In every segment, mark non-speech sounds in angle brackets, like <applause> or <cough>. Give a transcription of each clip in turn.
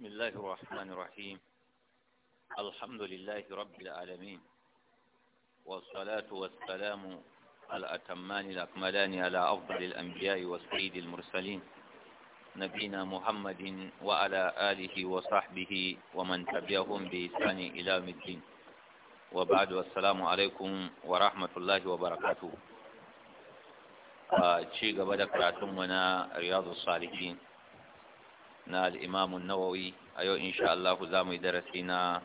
بسم الله الرحمن الرحيم الحمد لله رب العالمين والصلاة والسلام الأتمان الأكملان على أفضل الأنبياء والسيد المرسلين نبينا محمد وعلى آله وصحبه ومن تبعهم بإسان إلى مدين الدين وبعد والسلام عليكم ورحمة الله وبركاته آه، شيء قبل كراتمنا رياض الصالحين na al’imamu nawawi a yau insha Allah za mu yi darasi na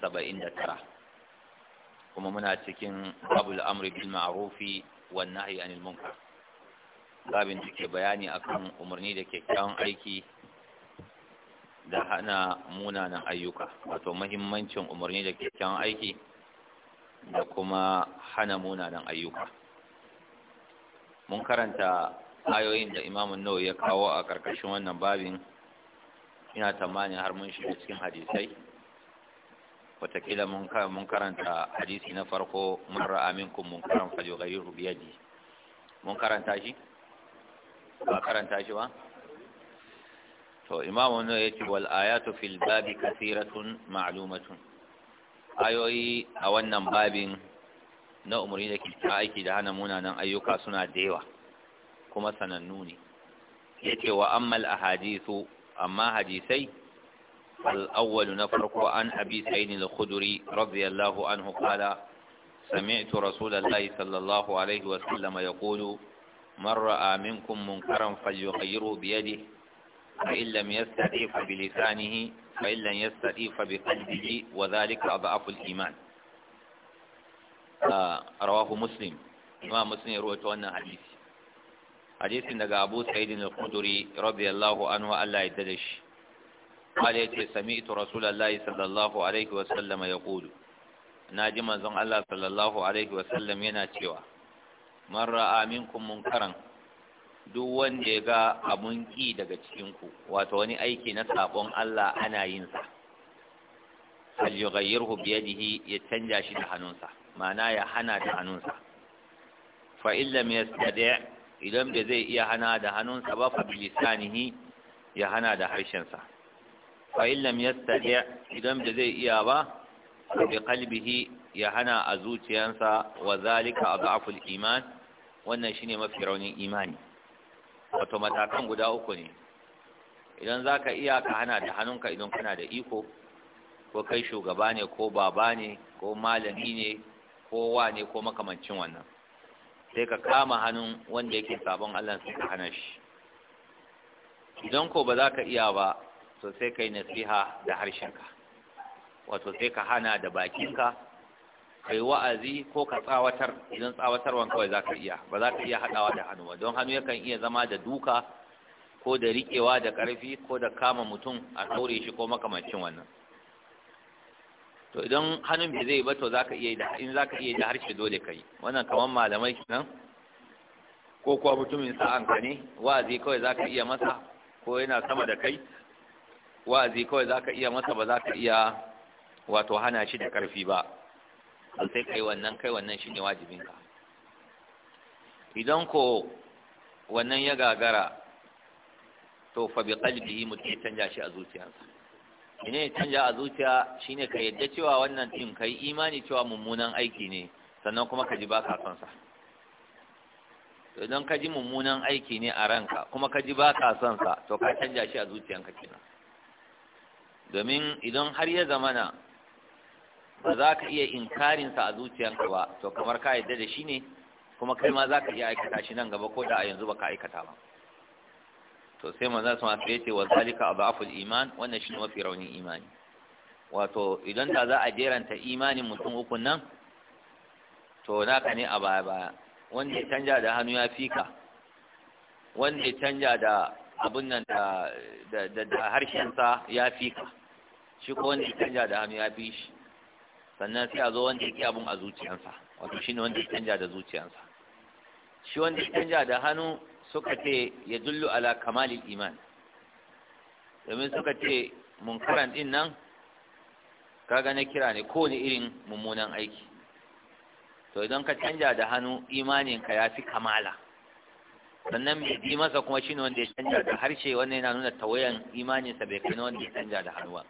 saba'in da tara kuma muna cikin babul amri bil ma'arufi wannan nahyi anil munkar babin da ke bayani akan umarni da kyakkyawan aiki da hana munanan ayyuka wato mahimmancin umarni da kyakkyawan aiki da kuma hana munanan ayyuka mun karanta ayoyin da imamun nawawi ya kawo a ƙarƙashin wannan babin ina tamanin har mun shiga cikin hadisai watakila mun karanta hadisi na farko mun ra'a minkum munkaran falyughayyiru bi yadda. mun karanta shi ba karanta shi ba to imamu ya ce wal ayatu fil babi kasiratun ma'alumatun ayoyi a wannan babin na umarni da ke aiki da hana munanan ayyuka suna da yawa kuma sanannu ne ya ce wa ammal a hadisu amma hadisai al’awwalu na farko an abi tsayini da kuduri radiyallahu an hukada sami'tu rasulallah sallallahu alaihi wasallama ya kudu marra'a minkum munkaran fayyo kayiro biyade fa’illam ya staɗe fa bi lisanihi fa’illam ya staɗe fa bi kalbiji wa zalika a ba'aful iman ah, rawahu muslim ma muslim ya wannan hadisi hadisin daga Abu Sa'id al-Khudri radiyallahu anhu Allah ya dade shi قال يتي سمعت رسول الله sallallahu alaihi عليه وسلم يقول ناجي منزون الله صلى الله wa وسلم yana cewa man ra'a minkum munkaran duk wanda ya ga abun ki daga cikin ku wato wani aiki na sabon Allah ana yin sa fal yughayyirhu bi yadihi ya canja shi da hannunsa ma'ana ya hana da hannunsa fa illa illam yastadi' idan da zai iya hana da hannunsa ba fa ya hana da harshensa fa illam yastati idan da zai iya ba bi qalbihi ya hana a zuciyansa wa zalika adhaful iman wannan shine mafi raunin imani wato matakan guda uku ne idan zaka iya ka hana da hannunka idan kana da iko ko kai shugaba ne ko baba ne ko malami ne ko wa ko makamancin wannan sai ka kama hannun wanda yake sabon Allah sai ka hana shi idan ko ba za ka iya ba to sai ka nasiha da harshenka wato sai ka hana da bakinka kai wa'azi ko ka tsawatar idan tsawatarwan kawai za ka iya ba za ka iya haɗawa da hannu ba don hannu yakan iya zama da duka ko da riƙewa da ƙarfi ko da kama mutum a ɗaure shi ko makamancin wannan to idan hannun bai zai ba to zaka iya da in zaka iya da harshe dole kai wannan kaman malamai kenan ko kuwa mutumin sa'an ka ne wa'azi kawai zaka iya masa ko yana sama da kai wa'azi kawai zaka iya masa ba zaka iya wato hana shi da karfi ba sai kai wannan kai wannan shine wajibinka idan ko wannan ya gagara to fa bi qalbihi mutum ya canja shi a zuciyarsa ne canja a zuciya shine ka yadda cewa wannan din kai imani cewa mummunan aiki ne sannan kuma ka ji ba ka son sa idan ka ji mummunan aiki ne a ranka kuma ka ji ba ka son sa to ka canja shi a zuciyanka kenan domin idan har ya zamana ba za ka iya inkarin sa a zuciyanka ba to kamar ka yadda da shi ne kuma kai ma za ka iya aikata shi nan gaba ko da a yanzu ba ka aikata ba to sai manzo sun ce yace wa zalika adaful iman wannan shi mafi raunin imani wato idan da za a jeranta imanin mutum uku nan to naka ne a baya baya wanda ya canja da hannu ya fika wanda ya canja da abun nan da da da harshensa ya fika shi ko wanda ya canja da hannu ya bi shi sannan sai a zo wanda yake abun a zuciyarsa wato shine wanda ya canja da zuciyarsa shi wanda ya canja da hannu suka ce ya dullu ala kamalin iman domin suka ce munkaran din nan kaga na kira ne kowane irin mummunan aiki to idan ka canja da hannu imaninka ya fi kamala sannan mai bi masa kuma shi ne wanda ya canja da harshe wannan yana nuna tawayan imaninsa bai kai na wanda ya canja da hannu ba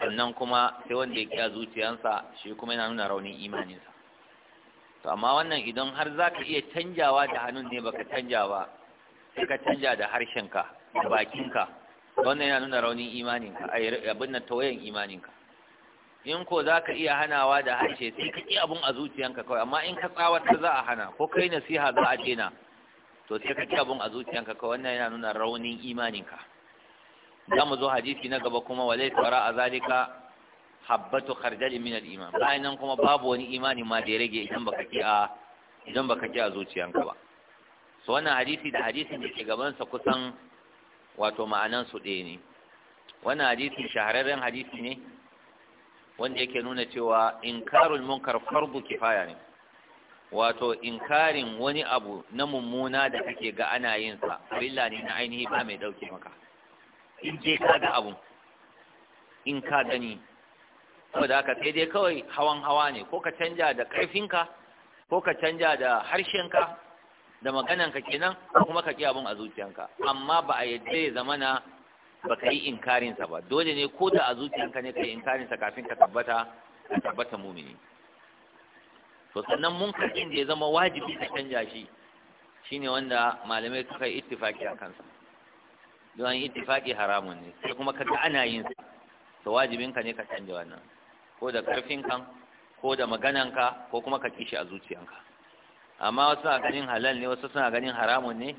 sannan kuma sai wanda ya kiya zuciyarsa, shi kuma yana nuna raunin imaninsa to amma wannan idan har za ka iya canjawa da hannun ne baka canja ba sai ka canja da harshenka da bakinka wannan yana nuna raunin imaninka a abin nan tawayen imaninka in ko za ka iya hanawa da harshe sai ka ƙi abin a zuciyanka kawai amma in ka tsawatar za a hana ko kai nasiha za a dena to sai ka ƙi abin a zuciyanka kawai wannan yana nuna raunin imaninka za mu zo hadisi na gaba kuma wa tsara a zalika habbatu khardal min al-iman bayan nan kuma babu wani imani ma da ya rage idan baka ki a idan baka ki a zuciyanka ba so wannan hadisi da hadisin da ke gaban sa kusan wato ma'anan su ɗaya ne wannan hadisi shahararren hadisi ne wanda yake nuna cewa inkarul munkar fardu kifaya ne wato inkarin wani abu na mummuna da kake ga ana yin sa billa ne na ainihi ba mai dauke maka in je ka ga abu in ka gani saboda haka sai dai kawai hawan hawa ne ko ka canja da ƙarfinka ko ka canja da harshenka da magananka kenan ko kuma ka ƙi abun a zuciyanka amma ba a yadda ya na ba ka yi inkarinsa ba dole ne ko da a zuciyanka ne ka yi inkarinsa kafin ka tabbata ka tabbata mumini to sannan munkarin da ya zama wajibi ka canja shi shine wanda malamai suka yi ittifaki a kansa don ittifaki haramun ne sai kuma ka ga ana yin sa to wajibinka ne ka canja wannan ko da ƙarfinka ko da magananka ko kuma ka kishi a zuciyanka amma wasu suna ganin halal ne wasu suna ganin haramun ne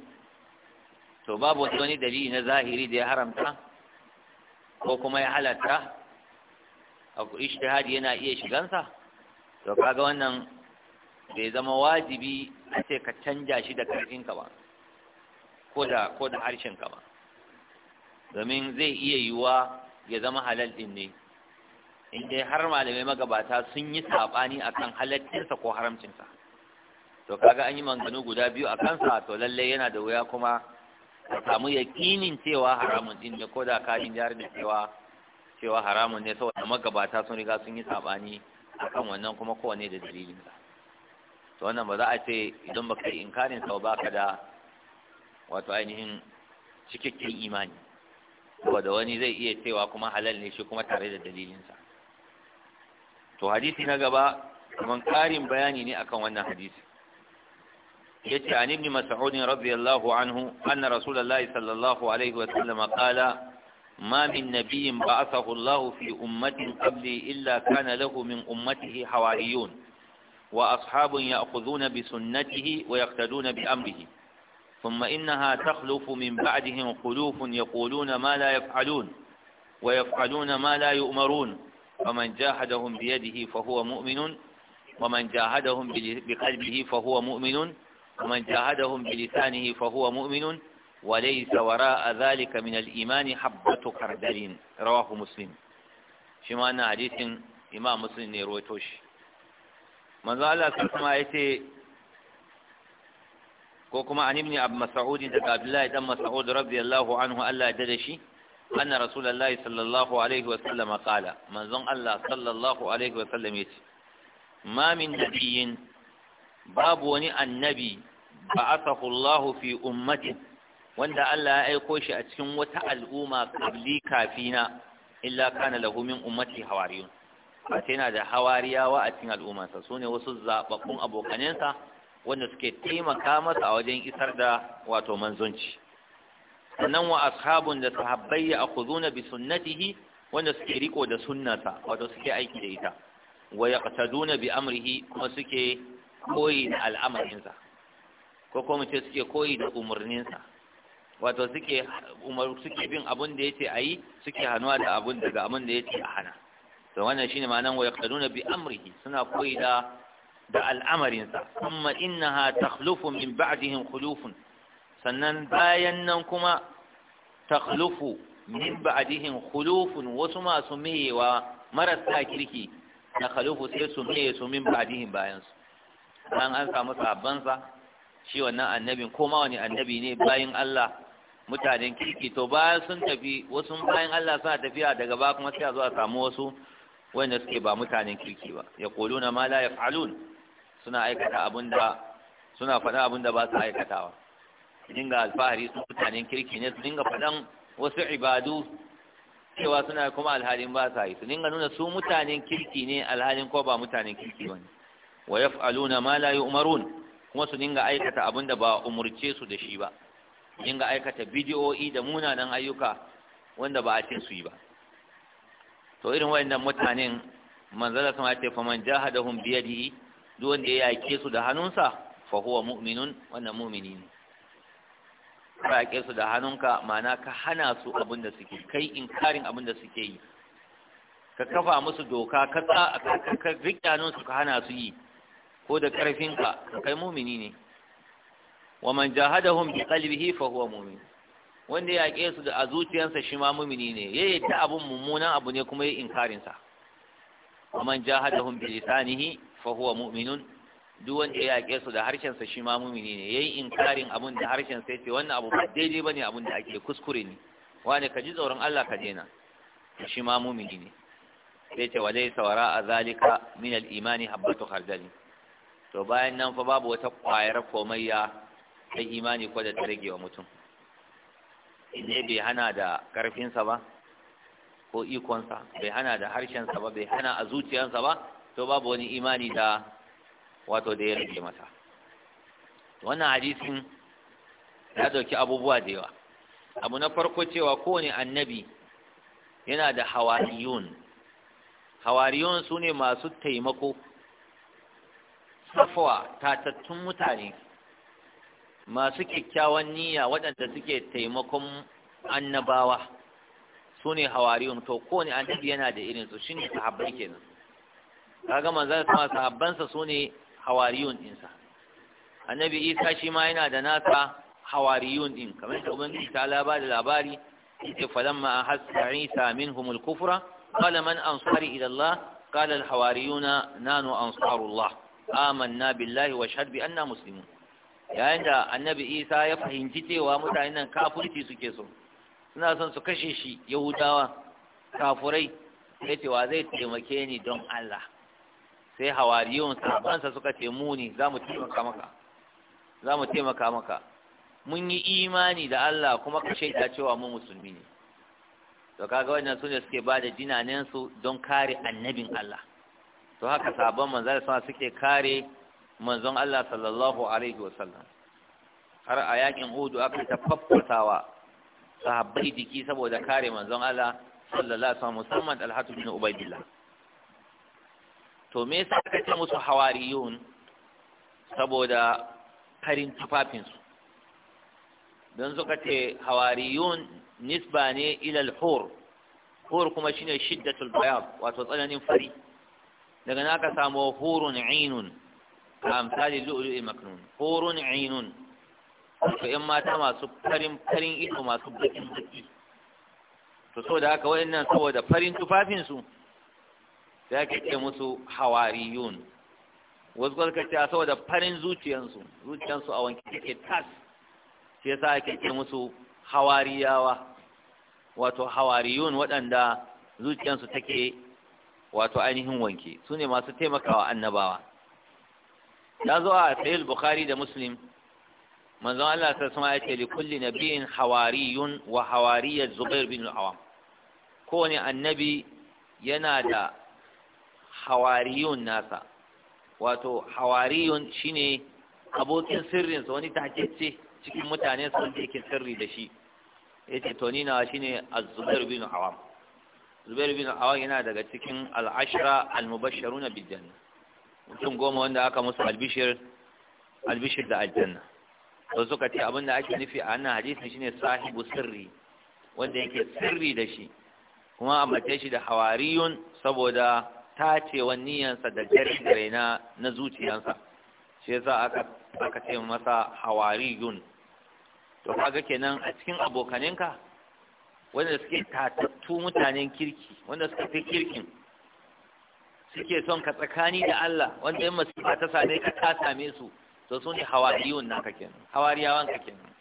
to babu wani dalili na zahiri da ya haramta ko kuma ya halatta a ishtihadi yana iya shigansa to kaga wannan bai zama wajibi a ce ka canja shi da ƙarfinka ba ko da ko da harshenka ba domin zai iya yiwuwa ya zama halal din ne in dai har malamai magabata sun yi sabani akan halaccinsa ko haramcinsa to kaga an yi manganu guda biyu a kansa to lallai yana da wuya kuma ka samu yaƙinin cewa haramun din ne ko da ka jari da cewa haramun ne saboda magabata sun riga sun yi sabani kan wannan kuma kowane da dalilinsa, to wannan ba za a ce idan baka yi inkarin sau ba ka da wato ainihin cikakken imani saboda wani zai iya cewa kuma halal ne shi kuma tare da dalilinsa to hadisi na gaba kuma karin bayani ne akan wannan hadisi yace an ibn mas'ud radiyallahu anhu anna rasulullahi sallallahu alaihi wa sallam qala ma min nabiyyin ba'athahu Allahu fi ummatin qabli illa kana lahu min ummatihi hawariyun wa ashabun ya'khuduna bi sunnatihi wa yaqtaduna bi amrihi ثم إنها تخلف من بعدهم خلوف يقولون ما لا يفعلون ويفعلون ما لا يؤمرون فمن جاهدهم بيده فهو مؤمن ومن جاهدهم بقلبه فهو مؤمن ومن جاهدهم بلسانه فهو مؤمن وليس وراء ذلك من الإيمان حبة خردل رواه مسلم شما أن حديث إمام مسلم يرويتوش من قال الله يتي ko kuma an ibni abu mas'ud daga abdullahi dan mas'ud radiyallahu anhu Allah ya dade shi anna rasulullahi sallallahu alaihi wa sallam qala manzon Allah sallallahu alaihi wa sallam yace ma min nabiyyin babu wani annabi ba'athahu Allah fi ummati wanda Allah ya aiko shi a cikin wata al'umma kabli kafina illa kana lahu min ummati hawariyun ba sai da hawariyawa a cikin al'ummarsa sune wasu zababbun abokanansa wanda suke taimaka masa a wajen isar da wato manzonci sannan wa ashabun da sahabbai ya na bi sunnatihi wanda suke riko da sunnata wato suke aiki da ita wa yaqtaduna bi amrihi kuma suke koyi da al'amarinsa ko kuma ce suke koyi da umarninsa wato suke umar suke bin abun da ya ce a yi, suke hanuwa da abun daga abun da ya ce a hana to wannan shine ma'anar wa yaqtaduna bi amrihi suna koyi da da al'amarinsa kuma innaha takhlufu min ba'dihim khulufun sannan bayan nan kuma takhlufu min ba'dihim khulufun wasu masu meyewa marasa kirki na khalufu sai su meye su min ba'dihim bayan su an an samu sabban sa shi wannan annabin ko ma wani annabi ne bayan Allah mutanen kirki to bayan sun tafi wasu bayan Allah suna tafiya daga ba kuma sai a zo a samu wasu wanda suke ba mutanen kirki ba ya koluna ma la yaf'alun suna aikata abinda suna faɗa ba su aikatawa su dinga alfahari su mutanen kirki ne su dinga faɗan wasu ibadu cewa suna kuma alhalin ba sa yi su dinga nuna su mutanen kirki ne alhalin ko ba mutanen kirki ba ne wa ya yaf'aluna ma la yu'marun kuma su dinga aikata abin da ba umurce su da shi ba dinga aikata bidiyo'i da munanan ayyuka wanda ba a ce su yi ba to irin wayannan mutanen manzala sama ce faman jahadahum biyadihi duk wanda ya yake su da hannunsa fa huwa mu'minun wannan mu'mini ne yaƙe su da hannunka mana ka hana su abin da suke kai inkarin abin da suke yi ka kafa musu doka ka riƙyanun su ka hana su yi ko da ƙarfinka ka kai mumini ne wa man jahadahum bi qalbihi fa huwa mumin wanda ya yaƙe su da a zuciyarsa shi ma mumini ne ya yadda abun mummunan abu ne kuma ya inkarin wa man jahadahum bi lisanihi fa huwa mu'minun duk wanda ya yaƙe su da harshen sa shi ma mumini ne yayi inkarin abun da harshen sa yace wannan abu ba daidai bane abun da ake kuskure ne wani ka tsoron Allah ka daina shi ma mumini ne sai ce walai sawara a zalika min al-imani habbatu khardali to bayan nan fa babu wata kwayar komayya ta imani ko da ta wa mutum idan bai hana da karfinsa ba ko ikonsa bai hana da harshensa ba bai hana a zuciyarsa ba to babu wani imani da wato da ya rage masa wannan hadisin ya dauki abubuwa da yawa abu na farko cewa kowane annabi yana da hawariyun hawariyun su ne masu taimako safawa tatattun mutane masu kyakkyawan niyya waɗanda suke taimakon annabawa su ne hawariyun to kowane annabi yana da irinsu shi ne sahabbai kenan Ka gama zai sama sahabbansa su ne hawariyun ɗinsa annabi isa shi ma yana da nasa hawariyun ɗin kamar da ubangiji ta laba da labari ita falamma a hasa isa min humul kufra qala man ansari ila allah qala hawariyuna nanu ansarullah amanna billahi wa shahad bi anna yayin da annabi isa ya fahimci cewa mutanen nan kafirci suke so suna son su kashe shi yahudawa kafurai sai ce wa zai taimake ni don allah sai hawariyon sabansa suka ce muni za mu taimaka maka za mu taimaka maka mun yi imani da Allah kuma ka shaida cewa mu musulmi ne to kaga wannan sune suke ba da jinanen su don kare annabin Allah to haka sabon manzon sa suke kare manzon Allah sallallahu alaihi wasallam har a yakin Uhud aka ta faffatawa sahabbai jiki saboda kare manzon Allah sallallahu alaihi wasallam musamman alhatu bin ubaidillah to me yasa aka ce musu hawariyun saboda karin tufafinsu don suka ce hawariyun nisba ne ilal hur hur kuma shine shiddatul bayad wato tsananin fari daga naka samu hurun ainun ka misali lu'lu'i maknun hurun ainun to yan mata masu farin farin ido masu bakin baki to saboda haka wayannan saboda farin tufafinsu sai ake ce musu hawariyun wasu kwarka ce a saboda farin zuciyansu zuciyansu a wanke take tas sai sa ake ce musu hawariyawa wato hawariyun waɗanda zuciyansu take wato ainihin wanke su ne masu taimakawa annabawa ya zo a sahih bukhari da muslim manzon Allah ta sama yake li kulli nabiyin hawariyun wa hawariyat zubair bin al-awam kowane annabi yana da hawariyun nasa wato hawariyun shine abokin sirrinsa wani ce cikin mutane sun wanda yake sirri da shi yace to ni na shine az-zubair bin awam zubair bin awam yana daga cikin al-ashra al-mubashsharuna bil janna mutum goma wanda aka musu albishir albishir da aljanna to suka ce abin da ake nufi a wannan hadisi shine sahibu sirri wanda yake sirri da shi kuma a mace shi da hawariyun saboda tacewa niyansa da dare na na zuciyansa shi yasa aka aka ce masa hawariyun to kaga kenan a cikin abokaninka wanda suke tatattu mutanen kirki wanda suka fi kirkin suke son ka tsakani da Allah wanda in masifa ta same ka ta same su to su ne hawariyun naka kenan hawariyawan ka kenan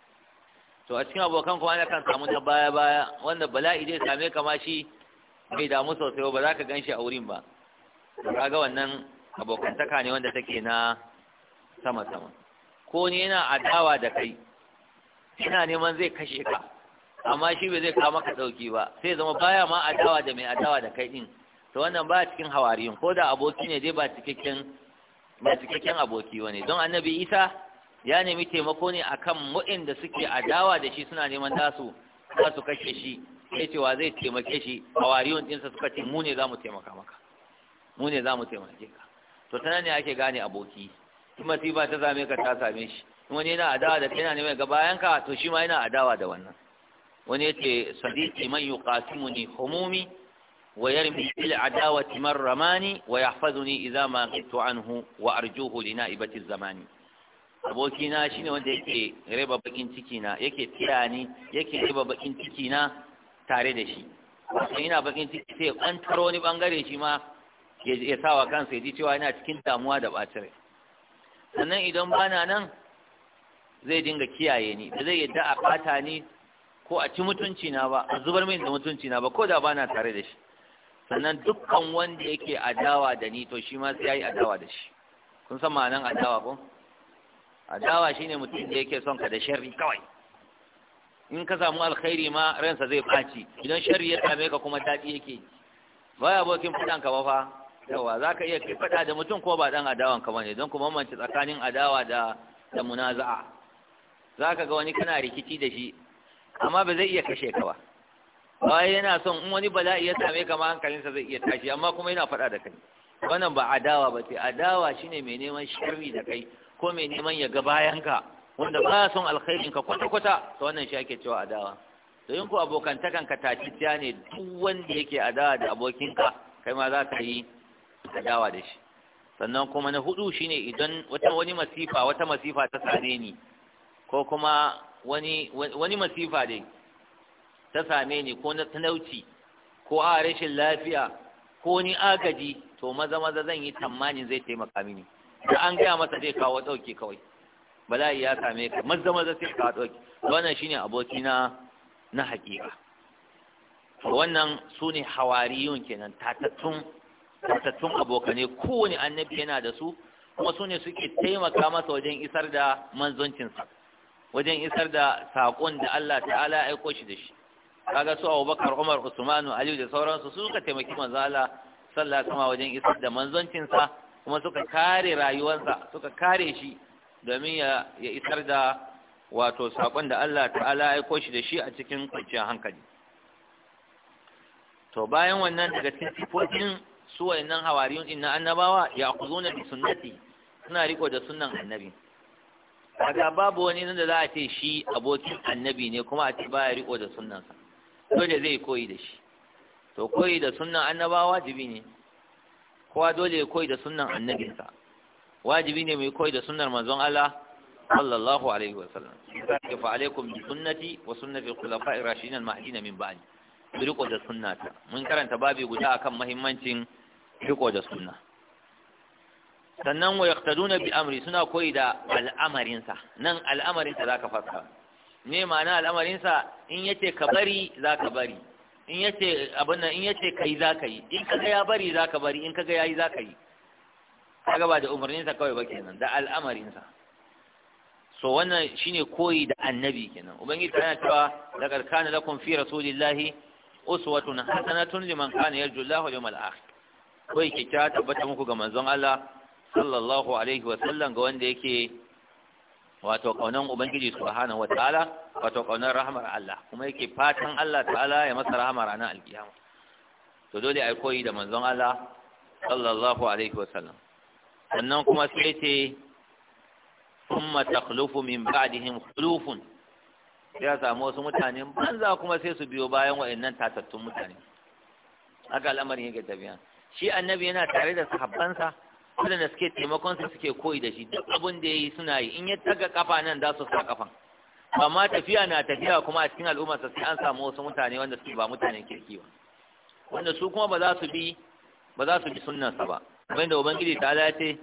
to a cikin abokan kuma ana kan samu na baya baya wanda bala'i zai same ka ma shi bai damu sosai ba za ka gan shi a wurin ba ga wannan abokantaka ne wanda take na sama sama ko ne yana adawa da kai ina neman zai kashe ka amma shi bai zai kawo maka dauki ba sai zama baya ma adawa da mai adawa da kai din to wannan ba cikin hawariyin ko da aboki ne dai ba cikakken ba cikakken aboki wani don annabi isa ya nemi taimako ne akan mu'in da suke adawa da shi suna neman tasu za su kashe shi sai cewa zai taimake shi hawariyun ɗinsa suka ce mu ne za mu taimaka maka mu ne za mu taimake ka to ta ne ake gane aboki in masifa ta zame ka ta same shi kuma wani yana adawa da kai yana mai ga bayan ka to shi ma yana adawa da wannan wani yace sadiqi man yuqasimuni humumi wa yarmi bil adawati man ramani wa yahfazuni idza ma qitu anhu wa arjuhu li naibati zamani aboki na shine wanda yake raba bakin ciki na yake tiyani yake raba bakin ciki na tare da shi wato ina bakin ciki sai kwantaro ni bangare shi ma ya sa wa kansa ya ji cewa yana cikin damuwa da ɓacin sannan idan bana nan zai dinga kiyaye ni da zai yadda a ɓata ni ko a ci mutunci na ba a zubar min da mutunci na ba ko da bana tare da shi sannan dukkan wanda yake adawa da ni to shi ma sai yayi adawa da shi kun san ma'anan adawa ko adawa shine mutum da yake son ka da sharri kawai in ka samu alkhairi ma ransa zai faci idan sharri ya same ka kuma daɗi yake baya fitan ka ba fa yawa za ka iya kai faɗa da mutum ko ba ɗan adawan kama ne, don kuma mamanci tsakanin adawa da da munaza'a za ka ga wani kana rikici da shi amma ba zai iya kashe ka ba wai yana son in wani bala'i ya same ka ma hankalinsa zai iya tashi amma kuma yana faɗa da kai wannan ba adawa ba ce adawa shine mai neman sharri da kai ko mai neman ya ga bayanka wanda ba son alkhairin ka kwata-kwata to wannan shi ake cewa adawa in ko abokantakan ka taciciya ne duk wanda yake adawa da abokinka kai ma za ka yi adawa da shi sannan kuma na hudu shine idan wata wani masifa wata masifa ta same ni ko kuma wani masifa dai ta same ni ko na talauci ko a rashin lafiya ko ni agaji to maza maza zan yi tamanin zai taimaka mini da an gaya masa zai kawo dauke kawai bala'i ya same ka maza maza zai kawo dauke wannan shine aboki na na hakika wannan su ne hawariyun kenan tatattun matattun abokanai kowane annabi yana da su kuma su ne suke taimaka masa wajen isar da manzoncinsa wajen isar da saƙon da Allah ta'ala ya aiko shi da shi kaga su Abubakar Umar Usman Ali da sauransu su suka taimaki manzo Allah sallallahu alaihi wajen isar da manzoncinsa kuma suka kare rayuwarsa suka kare shi domin ya isar da wato saƙon da Allah ta'ala ya aiko shi da shi a cikin kwanciyar hankali to bayan wannan daga cikin sifofin su wayannan hawariyun din na annabawa akuzuna bi sunnati suna riko da sunnan annabi kaga babu wani nan da za a ce shi abokin annabi ne kuma a ce baya riko da sunnansa dole zai koyi da shi to koyi da sunnan annabawa wajibi ne kowa dole ya koyi da sunnan annabinsa wajibi ne mai koyi da sunnar manzon Allah sallallahu alaihi wa sallam ya fa alaikum bi sunnati wa sunnati al-khulafa'ir rashidin al-mahdin min ba'di riko da sunnata mun karanta babi guda akan muhimmancin riko da suna. sannan wa yaqtaduna bi amri suna koyi da al'amarinsa nan al'amarin al'amarinsa zaka fassara ne ma'ana al'amarin sa in yace ka bari zaka bari in yace abin nan in yace kai zaka yi in kaga ya bari zaka bari in kaga yayi zaka yi kaga ba da umarninsa kawai ba kenan da al'amarin sa. so wannan shine koyi da annabi kenan ubangiji tana cewa laqad kana lakum fi rasulillahi uswatun hasanatun liman kana yarju Allah wal yawmal akhir Akwai kyakkyawa tabbata muku ga manzon Allah sallallahu alaihi wa sallam ga wanda yake wato kaunan ubangiji subhanahu wataala wato kaunan rahmar Allah kuma yake fatan Allah ta'ala ya masa rahama ranar alkiyama to dole ai koyi da manzon Allah sallallahu alaihi wa sallam sannan kuma sai ce thumma takhlufu min ba'dihim khulufun ya samu wasu mutane banza kuma sai su biyo bayan wayannan tatattun mutane Aka al'amarin yake tafiya shi annabi yana tare da sahabbansa waɗanda suke taimakonsa suke koyi da shi duk abin da ya yi suna yi in ya taga kafa nan za su sa kafan amma tafiya na tafiya kuma a cikin al'ummarsa sai an samu wasu mutane wanda suke ba mutanen kirki ba wanda su kuma ba za su bi ba za su bi sunnansa ba kamar da ubangiji ta lace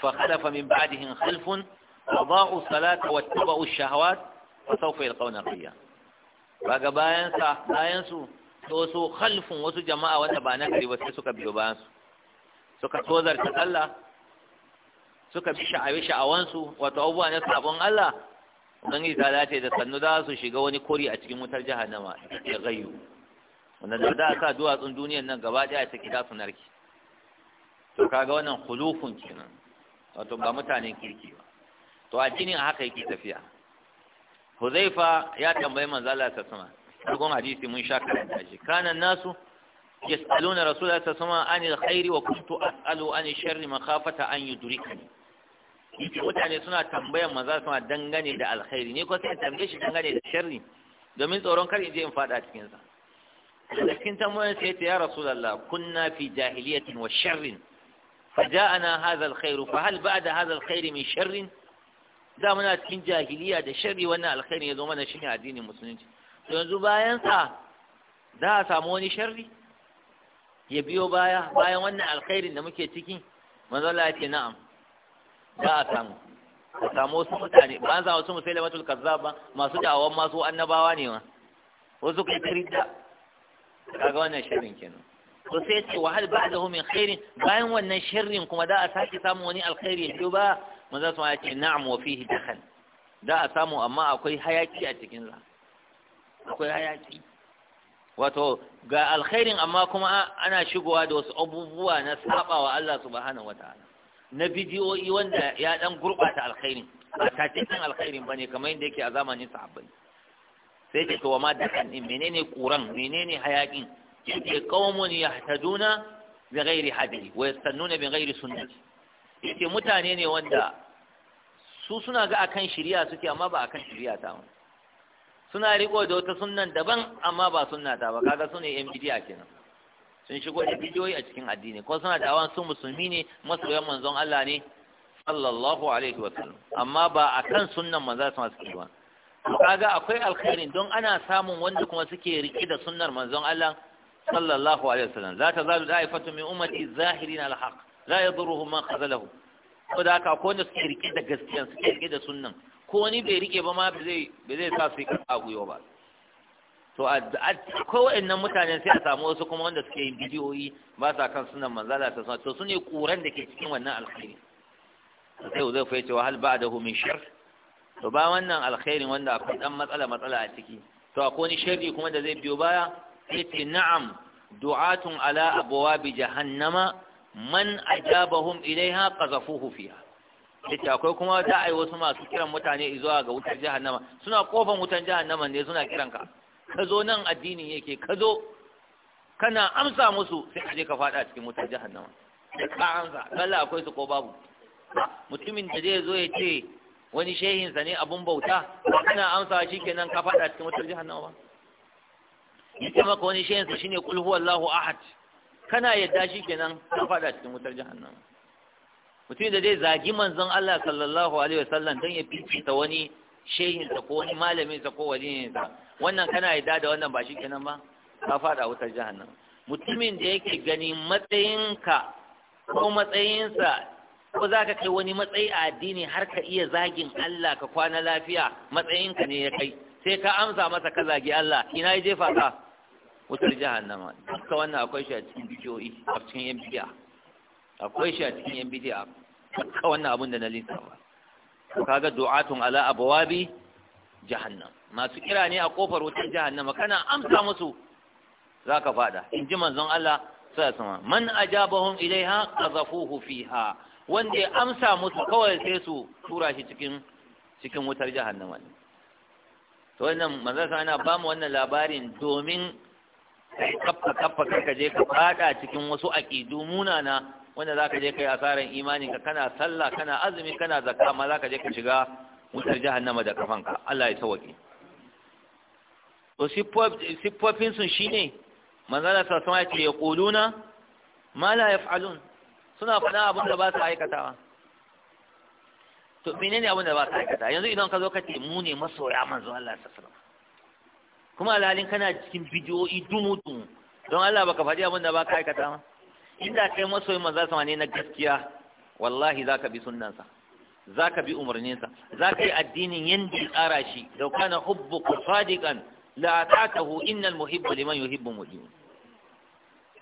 fa khalafa min ba'dihim khalfun adaa'u salata wattaba'u shahawat fa sawfa yalqawna ghayya kaga bayan sa bayan su da wasu khalfun wasu jama'a wanda ba na gari ba sai suka biyo bayan su suka tozar ta Allah suka bi sha'awi sha'awansu wato abubuwa na sabon Allah ubangiji ta dace da sannu za su shiga wani kori a cikin wutar jahannama da gayu wanda da za a sa duwatsun duniyan nan gaba ɗaya ta kida su narki to kaga wannan hulufun kenan wato ba mutanen kirki ba to a jinin haka yake tafiya huzaifa ya tambayi Manzala Allah farkon hadisi mun sha karanta shi kana nasu yas'aluna rasulullahi sallallahu alaihi wasallam anil khairi wa kuntu as'alu anil sharri makhafata an yudrikani yake mutane suna tambayan maza suna dangane da alkhairi ne ko sai tambaye shi dangane da sharri domin tsoron kar in je in fada cikin sa da cikin tambayoyin sai ta ya rasulullah kunna fi jahiliyatin wa sharrin faja'ana hadha alkhairu fa hal ba'da hadha alkhairi min sharrin da muna cikin jahiliya da sharri wannan alkhairi ya zo mana shine addinin musulunci yanzu bayansa za a samu wani sharri ya biyo baya bayan wannan alkhairin da muke ciki manzala ya ce na'am za a samu a samu wasu mutane ba an samu wasu da matul kazzab ba masu da'awan masu annabawa ne ma wasu kai da kaga wannan sharrin kenan to sai ya ce wa hal ba'dahu min khairin bayan wannan sharrin kuma za a sake samu wani alkhairi ya biyo ba manzala ya ce na'am wa fihi dakhal da a samu amma akwai hayaki a cikin sa akwai hayaki wato ga alkhairin amma kuma ana shigowa da wasu abubuwa na sabawa Allah subhanahu wataala na bidiyoyi wanda ya dan gurbata alkhairin ba ta cikin alkhairin bane kamar yadda yake a zamanin sahabbai sai ce wa ma dakan din menene kuran menene hayakin yake qaumun yahtaduna bi ghairi hadi wa yastannuna bi ghairi sunnati yake mutane ne wanda su suna ga akan shari'a suke amma ba akan shari'a ta ba suna riko da wata sunnan daban amma ba sunna ta ba kaga su ne yan bidiya kenan sun shigo da bidiyoyi a cikin addini ko suna da awan su musulmi ne masoyan manzon Allah ne sallallahu alaihi wasallam amma ba a kan sunnan manzon Allah suke ba kaga akwai alkhairin don ana samun wanda kuma suke rike da sunnar manzon Allah sallallahu alaihi wasallam la zalu da'ifatu min ummati zahirin alhaq la yadurruhum man khazalahu da haka akwai wanda suke rike da gaskiya suke rike da sunnan ko wani bai rike ba ma ba zai sa su yi karɓa gwiwa ba to ko wa'annan mutanen sai a samu wasu kuma wanda suke yin bidiyoyi ba sa kan sunan manzala ta sunan to su ne ƙuran da ke cikin wannan alkhairi sai zai fahimci yace hal ba da min shir. to ba wannan alkhairin wanda akwai ɗan matsala matsala a ciki to akwai wani sharri kuma da zai biyo baya yace na'am du'atun ala abwabi jahannama man ajabahum ilaiha qazafuhu fiha yace akwai kuma za a yi wasu masu kiran mutane zuwa ga wutar jahannama suna kofan wutar jahannama ne suna kiranka ka zo nan addinin yake ka zo kana amsa musu sai ka je ka fada cikin wutar jahannama da ka amsa kalla akwai su ko babu mutumin da zai zo ya ce wani shehinsa ne abun bauta kana amsa shi kenan ka fada cikin wutar jahannama ba yace maka wani shehinsa shine kulhu wallahu ahad kana yadda shi kenan ka fada cikin wutar jahannama mutum da zai zagi manzon Allah sallallahu alaihi wasallam dan ya fifita wani shehin sa ko wani malamin sa ko ne sa wannan kana yadda da wannan ba shi kenan ba ka fada wutar jahannam mutumin da yake gani matsayinka ko matsayinsa ko za ka kai wani matsayi a addini har ka iya zagin Allah ka kwana lafiya matsayinka ne ya kai sai ka amsa masa ka zagi Allah ina ya jefa ka wutar jahannama duka wannan akwai shi a cikin bidiyoyi a cikin yan bidiya akwai shi a cikin yan bidiya ka wannan abin da na lissafa kaga du'atun ala abwabi jahannam masu kira ne a kofar wutar jahannama kana amsa musu zaka fada in ji manzon Allah sai sama man ajabahum ilaiha qazafuhu fiha wanda ya amsa musu kawai sai su tura shi cikin cikin wutar jahannama ne to wannan manzon sa ana ba mu wannan labarin domin kappa kappa kaje je ka fada cikin wasu aqidu munana wanda zaka je kai asaran imaninka kana sallah kana azumi kana zakka ma zaka je ka shiga wutar jahannama da kafanka Allah ya sauke to siffofin sun shine manzala sa sama ce ya kuluna ma la yaf'alun suna faɗa abin da ba su aikatawa to ne abin da ba su aikata yanzu idan ka zo ka ce mu ne masoya manzo Allah sallallahu alaihi wasallam kuma alhalin kana cikin bidiyoyi dumu dumu don Allah baka faɗi abin da ba ka aikata ma inda kai masoyin manzo sama ne na gaskiya wallahi zaka bi sunnansa zaka bi umarninsa zaka yi addinin yanda ya tsara shi law kana hubbuka sadiqan la atatahu innal muhibba liman yuhibbu mujib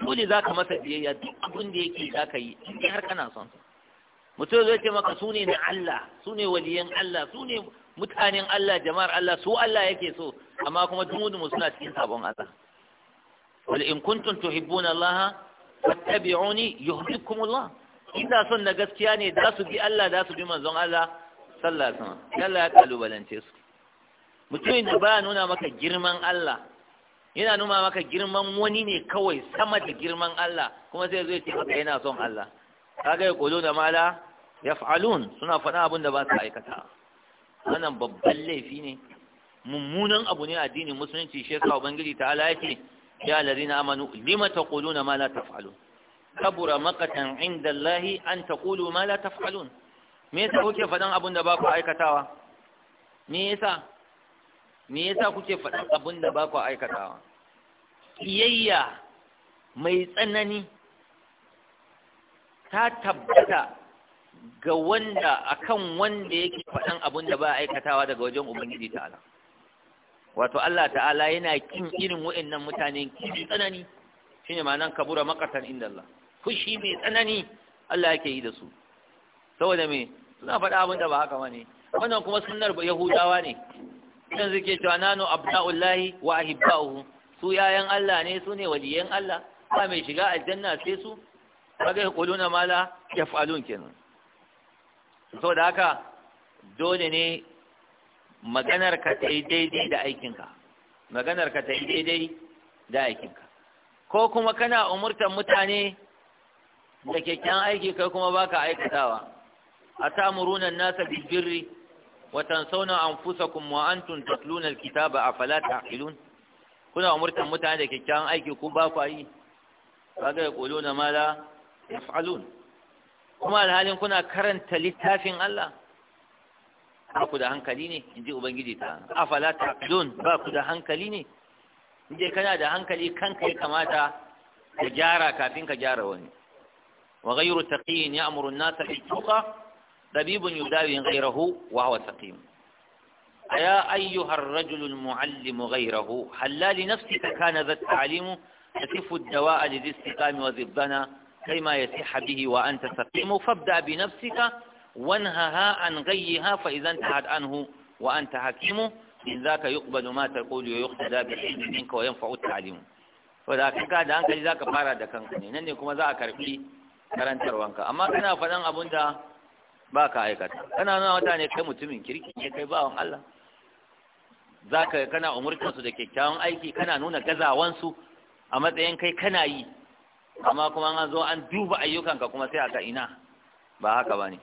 dole zaka masa biyayya duk abin da yake zaka yi in har kana son sa mutum zai ce maka sune na Allah sune waliyan Allah sune mutanen Allah jama'ar Allah su Allah yake so amma kuma dumudumu suna cikin sabon Allah wal in kuntum tuhibbuna Allah fattabi'uni yuhibbukumullah ina son na gaskiya ne da su bi Allah da su bi manzon Allah sallallahu alaihi wasallam ya kalubalance su mutumin da ba nuna maka girman Allah yana nuna maka girman wani ne kawai sama da girman Allah kuma sai zai ce maka yana son Allah kaga ya kolo da mala yaf'alun suna faɗa abun da ba su aikata wannan babban laifi ne mummunan abu ne addinin musulunci shekau bangiji ta ta'ala yake ya allazina amanu lima ta Kulu taquluna ma la taf'alun kabura maqatan inda lahi an ta Kulu mala la taf'alun me yasa kuke faɗan abin da ba aikatawa me yasa me yasa kuke faɗan abin da ba aikatawa kiyayya mai tsanani ta tabbata ga wanda akan wanda yake faɗan abin da ba aikatawa daga wajen ubangiji ta'ala wato Allah ta'ala yana kin irin wa'annan mutanen kin tsanani shine ma'anan kabura maqatan inda Allah fushi mai tsanani Allah yake yi da su saboda me suna faɗa abin da ba haka bane wannan kuma sunnar yahudawa ne dan suke cewa nanu abdaullahi wa ahibba'uhu su yayan Allah ne su ne waliyan Allah ba mai shiga aljanna sai su kaga yaquluna mala yaf'alun kenan saboda haka dole ne maganar ka ta yi daidai da aikinka maganar ka ta yi daidai da aikinka ko kuma kana umurtan mutane da kyakkyan aiki kai kuma baka aikatawa A runan nasa bil birri wa tansawna anfusakum wa antum tatluna a falata ilun kuna umurtan mutane da kyakkyan aiki ku ba ku yi kulo na mala ya yaf'alun kuma alhalin kuna karanta littafin Allah ba ku da hankali ne in ji ubangiji ta afala taqilun ba ku da hankali ne inda kana da hankali kanka ya kamata ka gyara kafin ka gyara wani wa ghayru taqiyin ya'muru an-nasa bil-tuqa dabibun yudawi ghayrahu wa huwa saqim يا أيها الرجل المعلم غيره هلا لنفسك كان ذا التعليم تسف الدواء لذي السقام وذي الضنا كيما يسح به وأنت سقيم فابدأ بنفسك wanhaha an ghayyiha fa idan tahad anhu wa anta hakimu in za ka yi da zaka yuqbalu ma taqulu wa da bi ilmi minka wa yanfa'u alimu. to da kanka da hankali ka fara da kanka ne nan ne kuma za a karantar wanka. amma kana faɗan abun da ba ka aikata kana nuna mutane kai mutumin kirki ne kai bawan Allah Za zaka kana umurtansu da kyakkyawan aiki kana nuna gazawansu a matsayin kai kana yi amma kuma an zo an duba ayyukanka kuma sai aka ina ba haka ba ne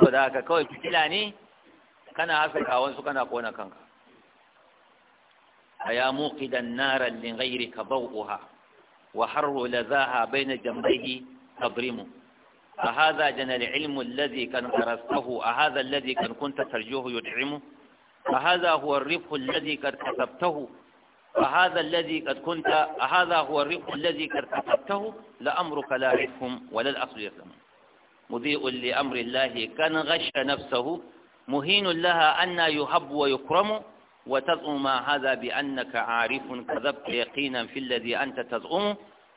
to da haka kawai fitila ne kana haskaka wasu kana kona kanka aya muqidan naran li ghayrika bawuha wa harru lazaha bayna jambayhi tabrimu فهذا جن العلم الذي كان درسته أهذا الذي كان كنت ترجوه يدعمه فهذا هو الربح الذي قد كسبته فهذا الذي قد كنت أهذا هو الربح الذي قد كسبته لأمرك لا عرفهم ولا الأصل يفهمون مضيء لأمر الله كان غش نفسه مهين لها أن يهب ويكرم وتزعم هذا بأنك عارف كذبت يقينا في الذي أنت تزعمه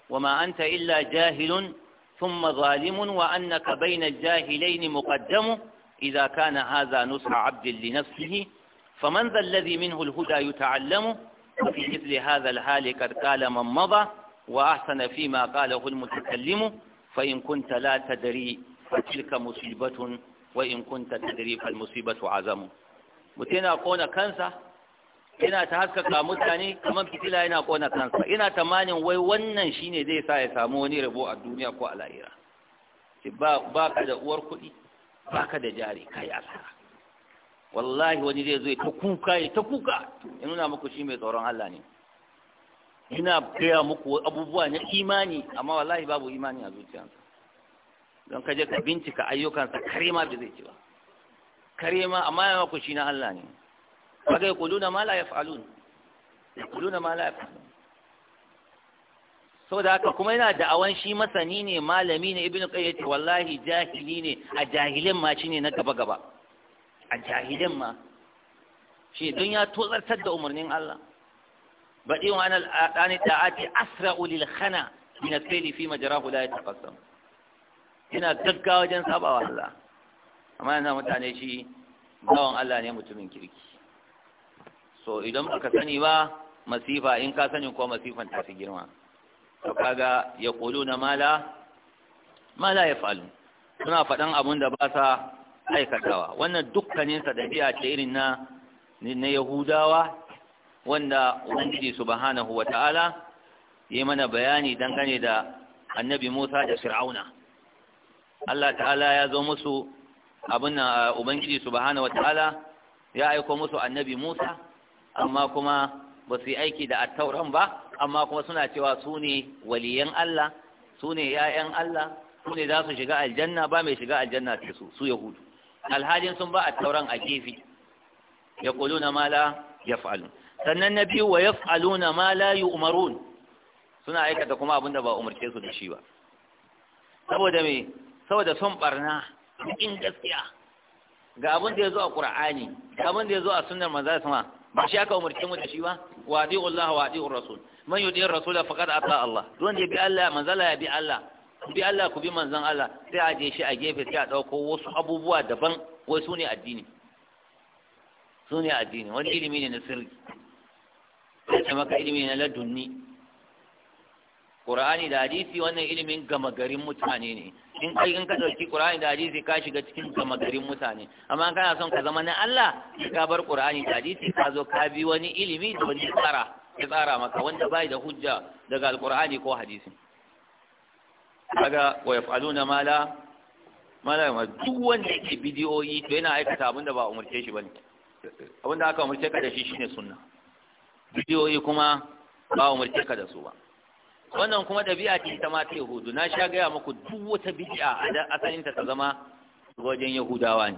وما أنت إلا جاهل ثم ظالم وأنك بين الجاهلين مقدم إذا كان هذا نصح عبد لنفسه فمن ذا الذي منه الهدى يتعلم وفي مثل هذا الحال قد قال من مضى وأحسن فيما قاله المتكلم فإن كنت لا تدري فتلك مصيبة وإن كنت تدري فالمصيبة عظم متينا قونا كنسا ina ta haskaka mutane kamar fitila yana kona kansa ina tamanin wai wannan shine zai sa ya samu wani rabo a duniya ko a lahira ba ka da uwar kuɗi ba ka da jari ka asara wallahi wani zai zo ta kuka ya ta kuka In nuna muku shi mai tsoron Allah ne ina gaya muku abubuwa na imani amma wallahi babu imani a zuciyarsa don kaje ka bincika ayyukansa kare ma da zai ci ba kare ma amma ya ku shi na Allah ne kaga ya kuluna ma la yaf'alun ya kuluna ma la yaf'alun saboda haka kuma yana da'awan shi masani ne malami ne ibnu qayyim yace wallahi jahili ne a jahilin ma shine na gaba gaba a jahilin ma shi don ya tozartar da umarnin Allah baɗi wa anal adani da'ati asra'u lil khana min asfali fi majrahu la yataqassam yana gaggawa wajen sabawa Allah amma yana mutane shi bawan Allah ne mutumin kirki so idan baka sani ba masifa in ka sani ko masifan ta fi girma to kaga ya kulu na mala mala ya falu suna faɗan abun da ba sa aikatawa wannan dukkaninsa ɗabi'a ce irin na na yahudawa wanda ubangiji subhanahu wata'ala yi mana bayani dangane da annabi musa da fir'auna Allah ta'ala ya zo musu abin a ubangiji subhanahu wataala ya aiko musu annabi Musa amma kuma ba su yi aiki da attauran ba amma kuma suna cewa su ne waliyan Allah su ne ‘ya'yan Allah su ne za su shiga aljanna ba mai shiga aljanna ta su su yahudu alhalin sun ba attauran a gefe ya ƙulu na mala ya fa'alun sannan na biyu wa ya fa'alu na mala yi umarun suna aikata kuma abin da ba umarce su da shi ba saboda me saboda son barna cikin gaskiya ga abin da ya zo a ƙura'ani ga abin da ya zo a sunar maza sama ba shi aka umarci mu da shi ba wa adi Allah wa adi Rasul man yudi Rasul a ata Allah don ya bi Allah manzala ya bi Allah ku bi Allah ku bi manzon Allah sai a je shi a gefe sai a dauko wasu abubuwa daban wai su ne addini su ne addini wani ilimi ne na sirri sai maka ilimi ne na ladunni Qur'ani da hadisi wannan ilimin gama garin mutane ne in kai in ka dauki Qur'ani da hadisi ka shiga cikin gama garin mutane amma kana son ka zama na Allah ka bar Qur'ani da hadisi ka zo ka bi wani ilimi da wani tsara ya tsara maka wanda bai da hujja daga alqur'ani ko hadisi kaga wa yaf'aluna ma la ma la duk wanda yake bidiyoyi to yana aikata abinda ba umurce shi bane abinda aka umurce ka da shi shine sunna bidiyoyi kuma ba umurce ka da su ba wannan kuma ɗabi'a ce ta yahudu na sha gaya muku duk wata bid'a a asalin ta zama wajen yahudawa ne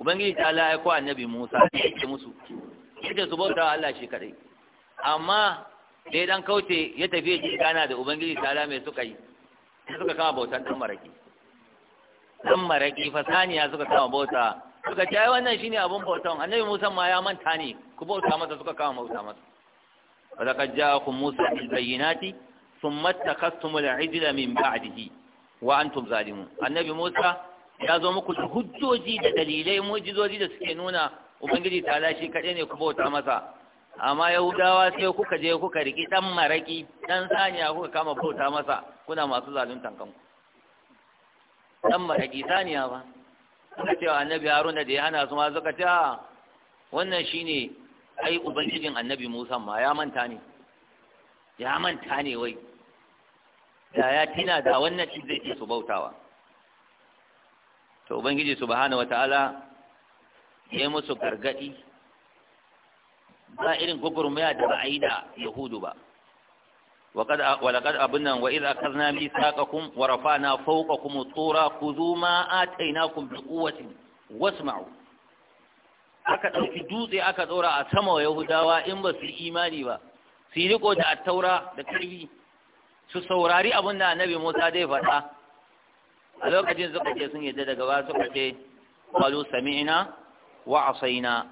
ubangiji ta la aiko annabi musa ya yake musu yadda su bauta Allah shi kadai amma dai dan kauce ya tafi ji gana da ubangiji ta la mai suka yi suka kama bautan dan maraki dan maraki fasaniya suka kama bauta suka ce wannan shine abun bautan annabi musa ma ya manta ne ku bauta masa suka kama bauta masa ولقد جاءكم موسى بالبينات ثم اتخذتم العجل من بعده وأنتم ظالمون النبي موسى ya zo muku da hujjoji da dalilai mujizoji da suke nuna ubangiji ta lashe kaɗai ne ku bauta masa amma yahudawa sai kuka je kuka riki ɗan maraƙi ɗan saniya kuka kama bauta masa kuna masu zaluntan kanku ɗan maraƙi saniya ba suka cewa annabi haruna da ya hana su ma suka ce a wannan shine ai ubangijin annabi Musa ma ya manta ne ya manta ne wai da ya tina da wannan shi zai ce su bautawa to ubangiji subhanahu wataala ya musu gargadi ba irin gugurmaya da ba da yahudu ba وقد ولقد أبنا وإذ أخذنا ميثاقكم ورفعنا فوقكم الطور خذوا ما آتيناكم بقوة واسمعوا aka ɗauki dutse aka ɗora a sama wa yahudawa in ba su yi imani ba su yi riko da attaura da ƙarfi su saurari abin da annabi musa zai faɗa a lokacin suka ce sun yadda daga ba suka ce qalu sami'na wa asaina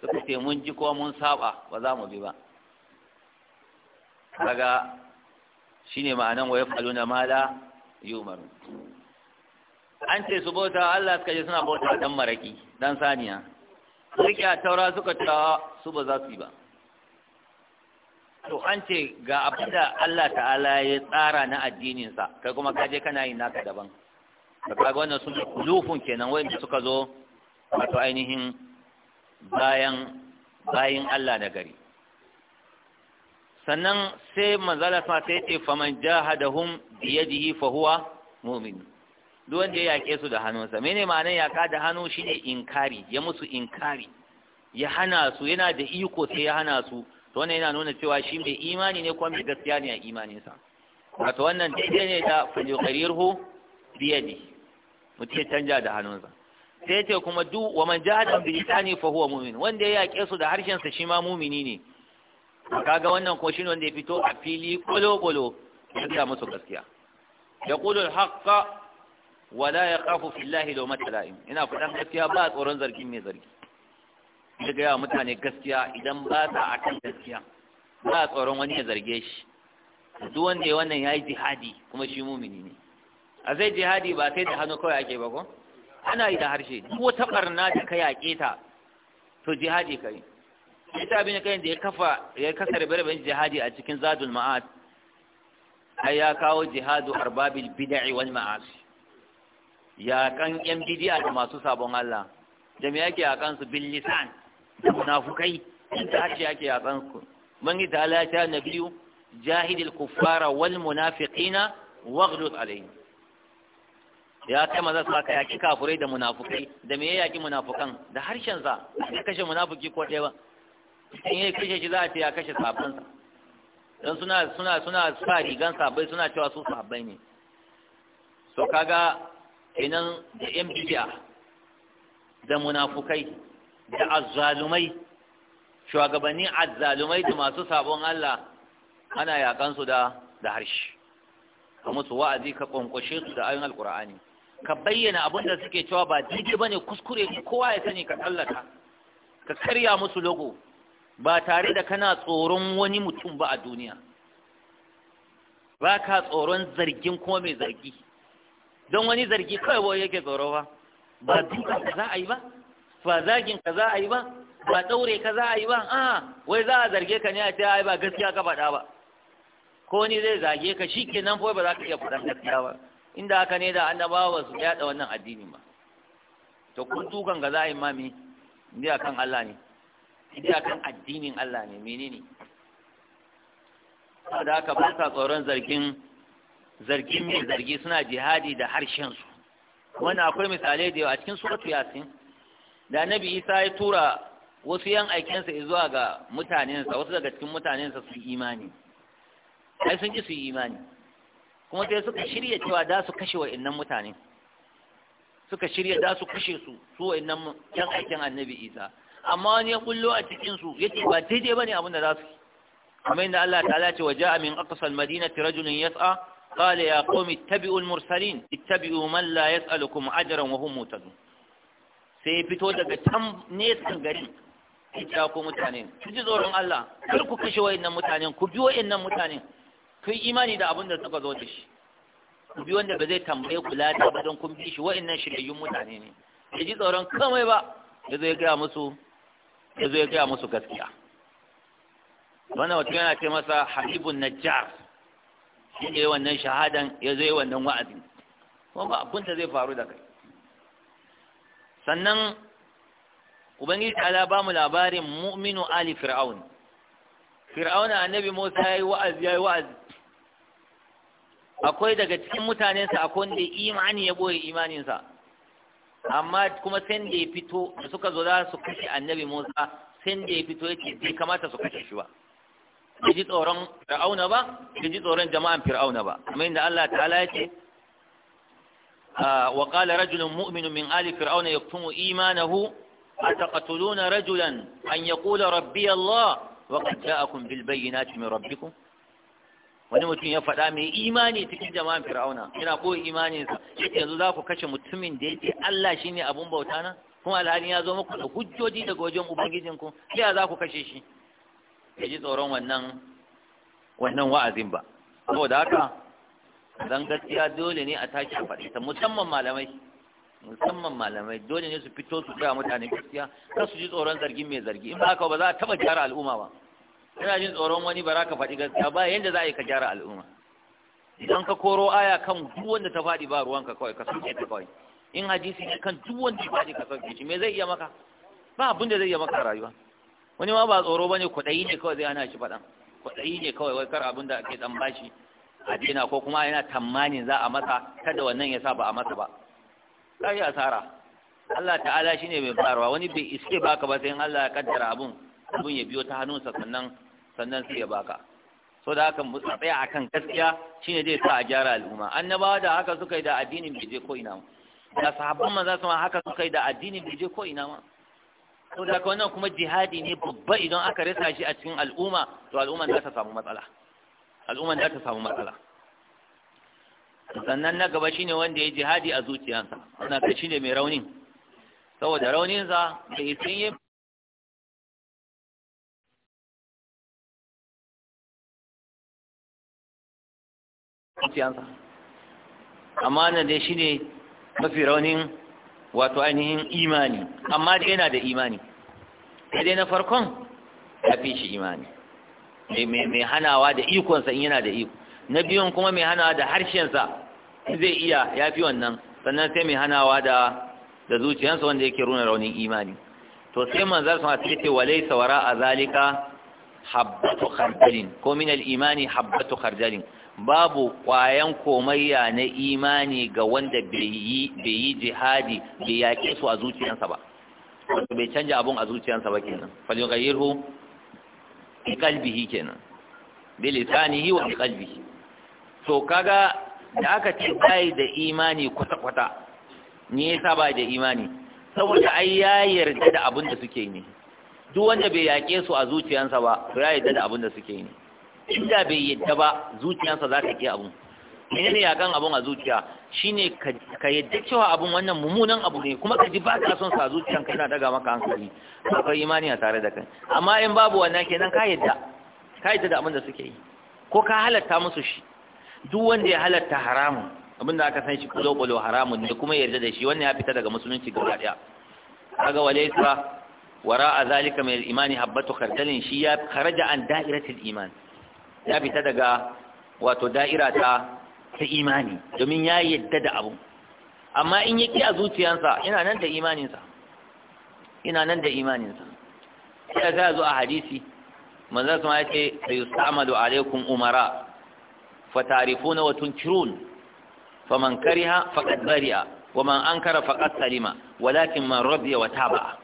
suka ce mun ji ko mun saba ba za mu bi ba kaga ne ma'anan wa yafaluna na mala yumaru an ce su bauta Allah suka ce suna bauta dan maraki dan saniya rike a taura suka ta su ba za su yi ba to an ce ga abin da Allah ta'ala ya tsara na addininsa kai kuma kaje kana yi naka daban ka kaga wannan sun lufun kenan da suka zo wato ainihin bayan bayan Allah da gari sannan sai manzala sa sai ce faman jahadahum bi yadihi fa huwa mu'min duk wanda ya yaƙe su da hannunsa mene ma'anar yaƙa da hannu shi shine inkari ya musu inkari ya hana su yana da iko sai ya hana su to wannan yana nuna cewa shi mai imani ne kuma mai gaskiya ne a imaninsa wato wannan daidai ne da fajuqarirhu biyadi mutum ya canja da hannunsa sai ce kuma duk wa man jahada bi lisani fa huwa mu'min wanda ya yaƙe su da harshen sa shi ma mu'mini ne kaga wannan ko shi ne wanda ya fito a fili kolo-kolo ya musu gaskiya yaqulu al-haqqa wala ya kafu fillahi lau matalain, ina faɗan gaskiya ba tsoron zargin mai zargi da gaya mutane gaskiya idan ba ta a gaskiya ba tsoron wani ya zarge shi duk wanda ya wannan ya yi jihadi kuma shi mumini ne a zai jihadi ba sai da hannu kawai ake ba ko ana yi da harshe duk wata barna da ka yaƙe ta to jihadi ka yi ita abin kai da ya kafa ya kasa rabe-raben jihadi a cikin zadul ma'ad ai ya kawo jihadu arbabil bid'i wal ma'asi yaƙan yan bidiya da masu sabon Allah da me yake yaƙan su bil lisan da munafukai da harshe yake a kansu, man yi ta'ala na biyu jahidil kuffara wal munafiqina waghluz alayhi ya kai maza su aka yaƙi kafurai da munafukai da me ya munafukan da harshen sa ya kashe munafuki ko ɗaya ba in ya kashe shi za a ce ya kashe sabansa don suna suna suna sa rigan sabai suna cewa su sabai ne so kaga Inan da yan bidiya da munafukai da azzalumai shugabannin azzalumai da masu sabon Allah ana yakansu da da harshe ka musu wa'azi ka kwankwashe su da ayoyin alkur'ani ka bayyana abin da suke cewa ba daidai bane kuskure kowa ya sani ka tsallaka ka karya musu logo ba tare da kana tsoron wani mutum ba a duniya ba ka tsoron zargin kuma mai zargi don wani zargi kawai yake tsoro ba ba duka ka za a yi ba ba zagin ka za a yi ba ba ɗaure ka za a yi ba a wai za a zarge ka ne a ta yi ba gaskiya ka faɗa ba ko ni zai zage ka shi kenan fa ba za ka iya faɗa gaskiya ba inda haka ne da annabawa su yaɗa wannan addini ba to kun dukan ga za a yi ma ni a akan Allah ne a akan addinin Allah ne menene saboda haka ba sa tsoron zargin zargin mai zargi suna jihadi da harshensu wannan akwai misalai da yawa a cikin suratu yasin da nabi isa ya tura wasu yan aikensa zuwa ga mutanensa wasu daga cikin mutanensa su imani sai sun ji su imani kuma sai suka shirya cewa da su kashe wa innan mutane suka shirya da su kashe su su innan yan aikin annabi isa amma wani ya kullo a cikin su yace ba daidai bane abin da za su kamar yadda Allah ta'ala ce wa ja'a min aqsal madinati rajulun yas'a قال يا قوم اتبعوا المرسلين اتبعوا من لا يسألكم أجرا وهم مهتدون sai fito daga can nesan garin ya ku mutane ku ji tsoron Allah kar ku kashe wayannan mutanen ku bi wayannan mutanen kun imani da abin da suka zo da shi ku bi wanda ba zai tambaye ku lada ba don kun bi shi wayannan shiryayyun mutane ne ya ji tsoron kamai ba ya zo ya gaya musu ya zo ya gaskiya wannan wata yana ce masa habibun najjar shi ne wannan shahadan ya zo yi wannan wa'azin kuma ba abin zai faru da kai sannan ubangiji ta ba mu labarin mu'minu ali fir'aun fir'auna annabi musa ya yi wa'azi ya yi wa'azi akwai daga cikin mutanensa akwai wanda imani ya boye imaninsa amma kuma sai da ya fito da suka zo za su kashe annabi musa sai da ya fito ya ce bai kamata su kashe shi ba bai ji tsoron fir'auna ba ji tsoron jama'an fir'auna ba kamar inda Allah ta'ala ya ce ah, wa qala rajulun mu'minun min ali fir'auna yaktumu imanahu ataqtuluna rajulan an yaqula rabbi Allah wa qad ja'akum bil bayyinati min rabbikum wani mutum ya faɗa mai imani cikin jama'an fir'auna yana koyi imaninsa yanzu za ku kashe mutumin da yake Allah shine abun bauta na kuma alhalin ya zo muku da hujjoji daga wajen ubangijinku ya za ku kashe shi ya ji tsoron wannan wannan wa'azin ba saboda haka zan gaskiya dole ne a tashi a faɗi musamman malamai musamman malamai dole ne su fito su gaya mutane gaskiya kar su ji tsoron zargin mai zargi in ba haka ba za a taɓa gyara al'umma ba kana jin tsoron wani ba za ka faɗi gaskiya ba yadda za a yi ka gyara al'umma idan ka koro aya kan duk wanda ta faɗi ba ruwanka kawai ka sauke ta kawai in hadisi ne kan duk wanda ta faɗi ka sauke shi me zai iya maka ba abin da zai iya maka rayuwa wani ma ba tsoro bane kudai ne kawai zai ana shi faɗan kudai ne kawai wai kar abin da ake dan bashi a dina ko kuma yana tamanin za a masa kada wannan ya sa ba a masa ba sai asara Allah ta'ala shine mai farwa wani bai iske baka ba sai in Allah ya kaddara abun abun ya biyo ta hannunsa sannan sannan sai ya baka so da haka mutsa tsaya akan gaskiya shine zai sa a gyara al'umma annabawa da haka suka yi da addinin bai je ko ina ma da sahabban manzo haka suka yi da addinin bai je ko ina ma to da wannan kuma jihadi ne babba idan aka rasa shi a cikin al'umma to al'umma za ta samu matsala al'umma za ta samu matsala sannan na gaba shine wanda ya jihadi a zuciyarsa wannan kai shine mai raunin saboda rauninsa bai sun yi zuciyarsa amma na dai shine mafi raunin wato ainihin imani amma dai yana da imani dai na farkon ya fi shi imani mai hanawa da ikonsa in yana da iko na biyun kuma mai hanawa da harshensa zai iya ya fi wannan sannan sai mai hanawa da da zuciyarsa wanda yake runa raunin imani to sai manzar sun haske ce walai sawara a zalika habbatu khardalin ko min imani habbatu khardalin babu kwayan komayya na imani ga wanda bai yi jihadi bai yaƙe su a zuciyarsa ba wato bai canja abun a zuciyarsa ba kenan falyughayyirhu bi qalbihi kenan bi lisanihi wa bi qalbihi to kaga da aka ce bai da imani kwata kwata ne yasa bai da imani saboda ai ya yarda da abin da suke ne duk wanda bai yaƙe su a zuciyarsa ba ya yarda da abin da suke ne inda bai yadda ba zuciyarsa za ta ke abun menene yakan abun a zuciya shine ka yadda cewa abun wannan mummunan abu ne kuma ka ji ba ka son sa zuciyan kana daga maka hankali akwai imani a tare da kai amma in babu wannan kenan ka yadda ka yadda da abin da suke yi ko ka halatta musu shi duk wanda ya halatta haramun abin da aka san shi kulo haramun ne kuma yarda da shi wannan ya fita daga musulunci gaba daya kaga walaysa wara'a zalika min al-imani habatu khardalin shi ya kharaja an da'iratul iman ya fita daga wato da'ira ta ta imani domin ya yadda da abu amma in yake a zuciyarsa ina nan da imaninsa Ina nan da imaninsa sai ga zo a hadisi manzon sama yace sayustamalu alaikum umara fatarifuna wa tunkirun faman kariha faqad bari'a waman ankara faqad salima walakin man radiya wa taba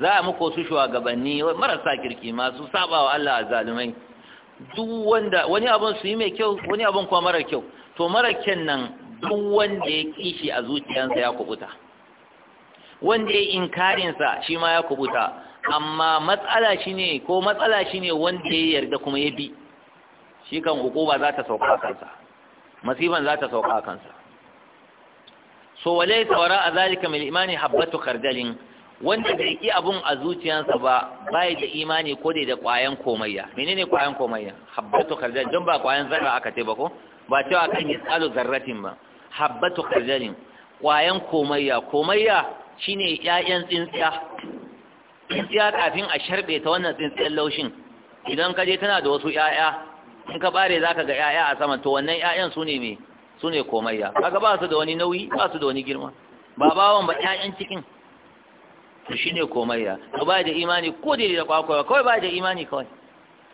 za a muku su shugabanni marasa kirki masu wa Allah azzalumai duk wanda wani abun su yi mai kyau wani abun kuma mara kyau to mara kyan nan duk wanda ya kishi a zuciyarsa ya kubuta wanda ya inkarinsa shi ma ya kubuta amma matsala shi ne ko matsala shi ne wanda ya yarda kuma ya bi shi kan za ta sauka kansa masifan za ta sauka kansa so walai tsawara a zalika mai imani habbatu kardalin wanda bai ki abun a zuciyansa ba bai da imani ko da da kwayan komayya menene kwayan komayya habbatu khardal don ba kwayan zarra aka ce ba ko ba cewa kan tsalo zarratin ba habbatu khardalin kwayan komayya komayya shine ƴaƴan tsintsiya tsintsiya kafin a sharbe ta wannan tsintsiyar laushin idan ka je tana da wasu ƴaƴa in ka bare zaka ga ƴaƴa a sama to wannan ƴaƴan su ne me su ne komayya kaga ba su da wani nauyi ba su da wani girma ba bawon ba ƴaƴan cikin to shine komai ya to ba da imani ko da da kwakwa kawai ba da imani kawai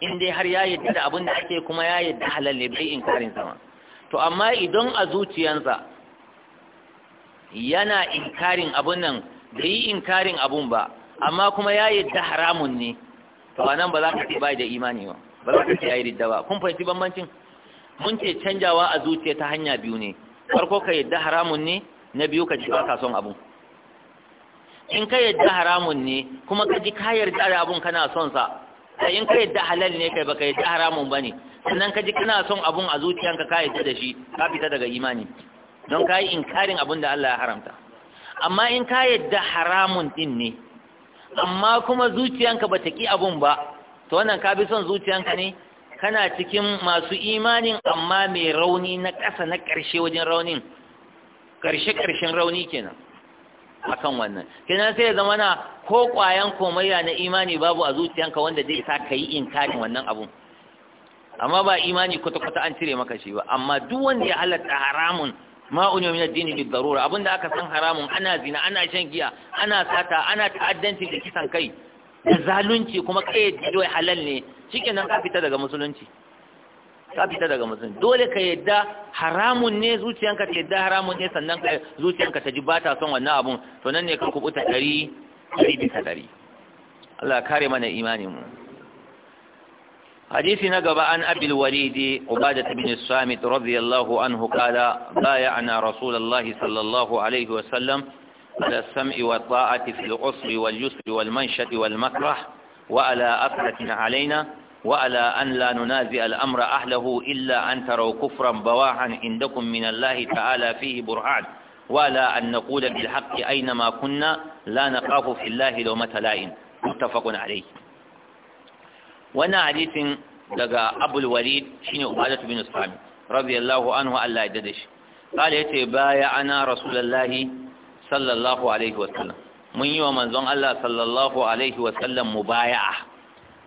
in dai har ya yadda da abin da ake kuma ya yadda halal ne bai karin sama to amma idan a zuciyansa yana inkarin abun nan bai inkarin abun ba amma kuma ya yadda haramun ne to anan ba za ka ce ba da imani ba ba za ka ce ayi ridda ba kun fahimci bambancin mun ce canjawa a zuciya ta hanya biyu ne farko ka yadda haramun ne na biyu ka ci ba ka son abun in ka yadda haramun ne kuma ka ji ka yarda da abun kana son sa in ka yadda halal ne kai baka yadda haramun bane sannan ka ji kana son abun a zuciyanka ka yadda da shi ka fita daga imani don ka yi inkarin abun da Allah ya haramta amma in ka yadda haramun din ne amma kuma zuciyanka ba ta ki abun ba to wannan ka bi son zuciyanka ne kana cikin masu imanin amma mai rauni na ƙasa na ƙarshe wajen raunin ƙarshe ƙarshen rauni kenan akan wannan kenan sai ya zama na ko ƙwayan komayya na imani babu a zuciyanka wanda zai sa ka yi inkarin wannan abun amma ba imani kwata-kwata an cire maka shi ba amma duk wanda ya halatta haramun ma unyo min addini bi darura abinda aka san haramun ana zina ana shan giya ana sata ana ta'addanci da kisan kai da zalunci kuma kai dole halal ne nan ka fita daga musulunci ka fita daga musulunci dole ka yadda haramun ne zuciyanka ta yadda haramun ne sannan ka zuciyanka ta ji ba ta son wannan abun to nan ne ka kubuta ɗari ɗari bisa ɗari Allah kare mana imanin mu حديث نقب عن an الوليد عبادة بن الصامت رضي الله عنه قال بايعنا رسول الله صلى الله عليه وسلم على السمع والطاعة في العسر واليسر والمنشة والمكره وعلى أثرة علينا وعلى أن لا ننازع الأمر أهله إلا أن تروا كفرا بواحا عندكم من الله تعالى فيه برهان ولا أن نقول بالحق أينما كنا لا نخاف في الله لومة لائم متفق عليه وانا حديث لقى أبو الوليد شين عبادة بن الصامت رضي الله عنه ألا يددش قال يتي بايعنا رسول الله صلى الله عليه وسلم من يوم من الله صلى الله عليه وسلم مبايعه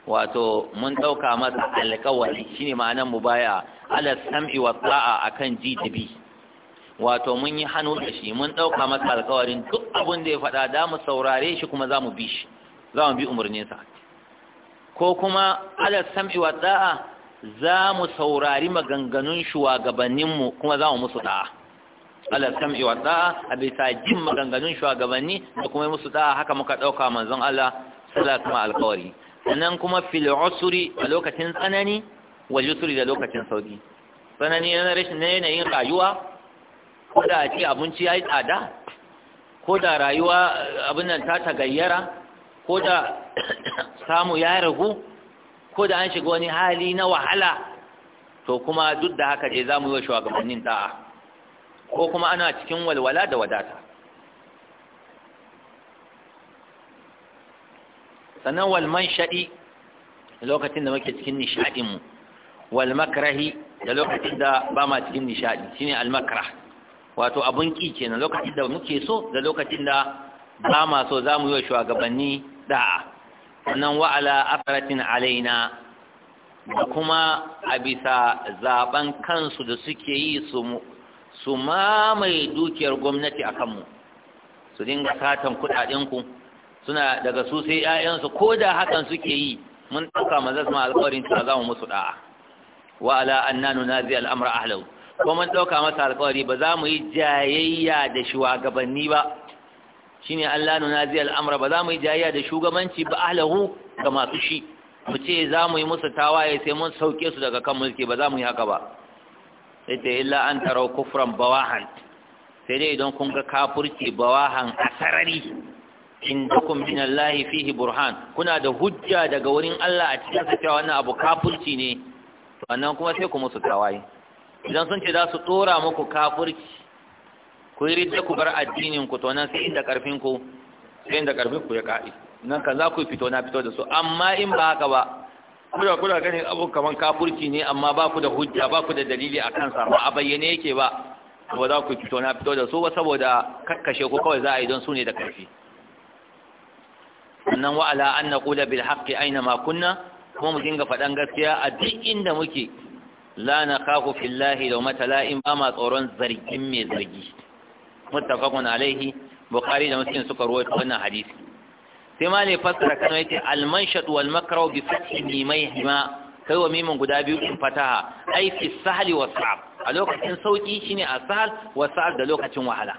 wato mun ɗauka masa shi shine ma'anar mu baya ala sam'i wa ta'a kan ji da bi wato mun yi hannu da shi mun ɗauka masa alƙawarin duk abin da ya faɗa da mu saurare shi kuma za mu bi shi za mu bi umarninsa ko kuma ala sam'i wa ta'a za mu saurari maganganun shugabanninmu kuma za mu musu da'a ala sam'i wa ta'a a bisa jin maganganun shugabanni da kuma musu da'a haka muka ɗauka manzon Allah sallallahu alaihi wa sallam alƙawari sannan kuma fil usri a lokacin tsanani wal da lokacin sauki tsanani na rashin na yanayin rayuwa ko da a ce abinci yi tsada ko da rayuwa abin nan ta tagayyara ko da <coughs> samu ya ragu ko da an shiga wani hali na wahala to kuma duk da haka za mu yi wa shugabannin ta'a ko kuma ana cikin walwala da wadata sannan shaɗi da lokacin da muke cikin nishaɗin mu walmakarahi da lokacin da ba ma cikin nishaɗi shine ne almakara wato abun ke kenan lokacin da muke so da lokacin da ba ma so za mu yi wa shugabanni da'a sannan wa'ala ala alaina da kuma a bisa zaɓen kansu da suke yi su mamaye dukiyar gwamnati a kanmu su dinga satan kuɗaɗenku suna daga su sai ƴaƴansu ko da hakan suke yi mun ɗauka maza ma alƙawarin cewa za mu musu ɗa'a. wa ala anna nunazi al'amura ahlahu ko mun ɗauka masa alƙawari ba za mu yi jayayya da shugabanni ba shine Allah zai al'amura, ba za mu yi jayayya da shugabanci ba ahlahu ga masu shi mu ce za mu yi musu tawaye sai mun sauke su daga kan mulki ba za mu yi haka ba sai ta illa an tarau kufran bawahan sai dai idan kun ga kafurci bawahan a sarari In bi min Allah fihi burhan kuna da hujja daga wurin Allah a cikin sa cewa wannan abu kafirci ne to annan kuma sai ku musu tawaye idan sun ce za su tsora muku kafirci ku yi ridda ku bar addinin ku to nan sai inda karfin ku sai inda karfin ku ya kai nan kan za ku fito na fito da su amma in ba haka ba kuna kuna gani abu kaman kafirci ne amma ba ku da hujja ba ku da dalili a kansa ba a bayyane yake ba ba za ku fito na fito da su ba saboda kakkashe ku kawai za a yi don su ne da karfi sannan wa'ala, ala an naqula bil haqqi aina makunna, kuma mu dinga faɗan gaskiya a duk inda muke la nakhafu fillahi law in ba ma tsoron zargin mai zargi muttafaqun alaihi bukhari da muslim suka rawaito wannan hadisi sai ma ne fassara kana yace al wal makraw bi mai hima, kai wa mimin guda biyu in fataha ai fi sahli wa sa'ab a lokacin sauki shine asal wa sa'ab da lokacin wahala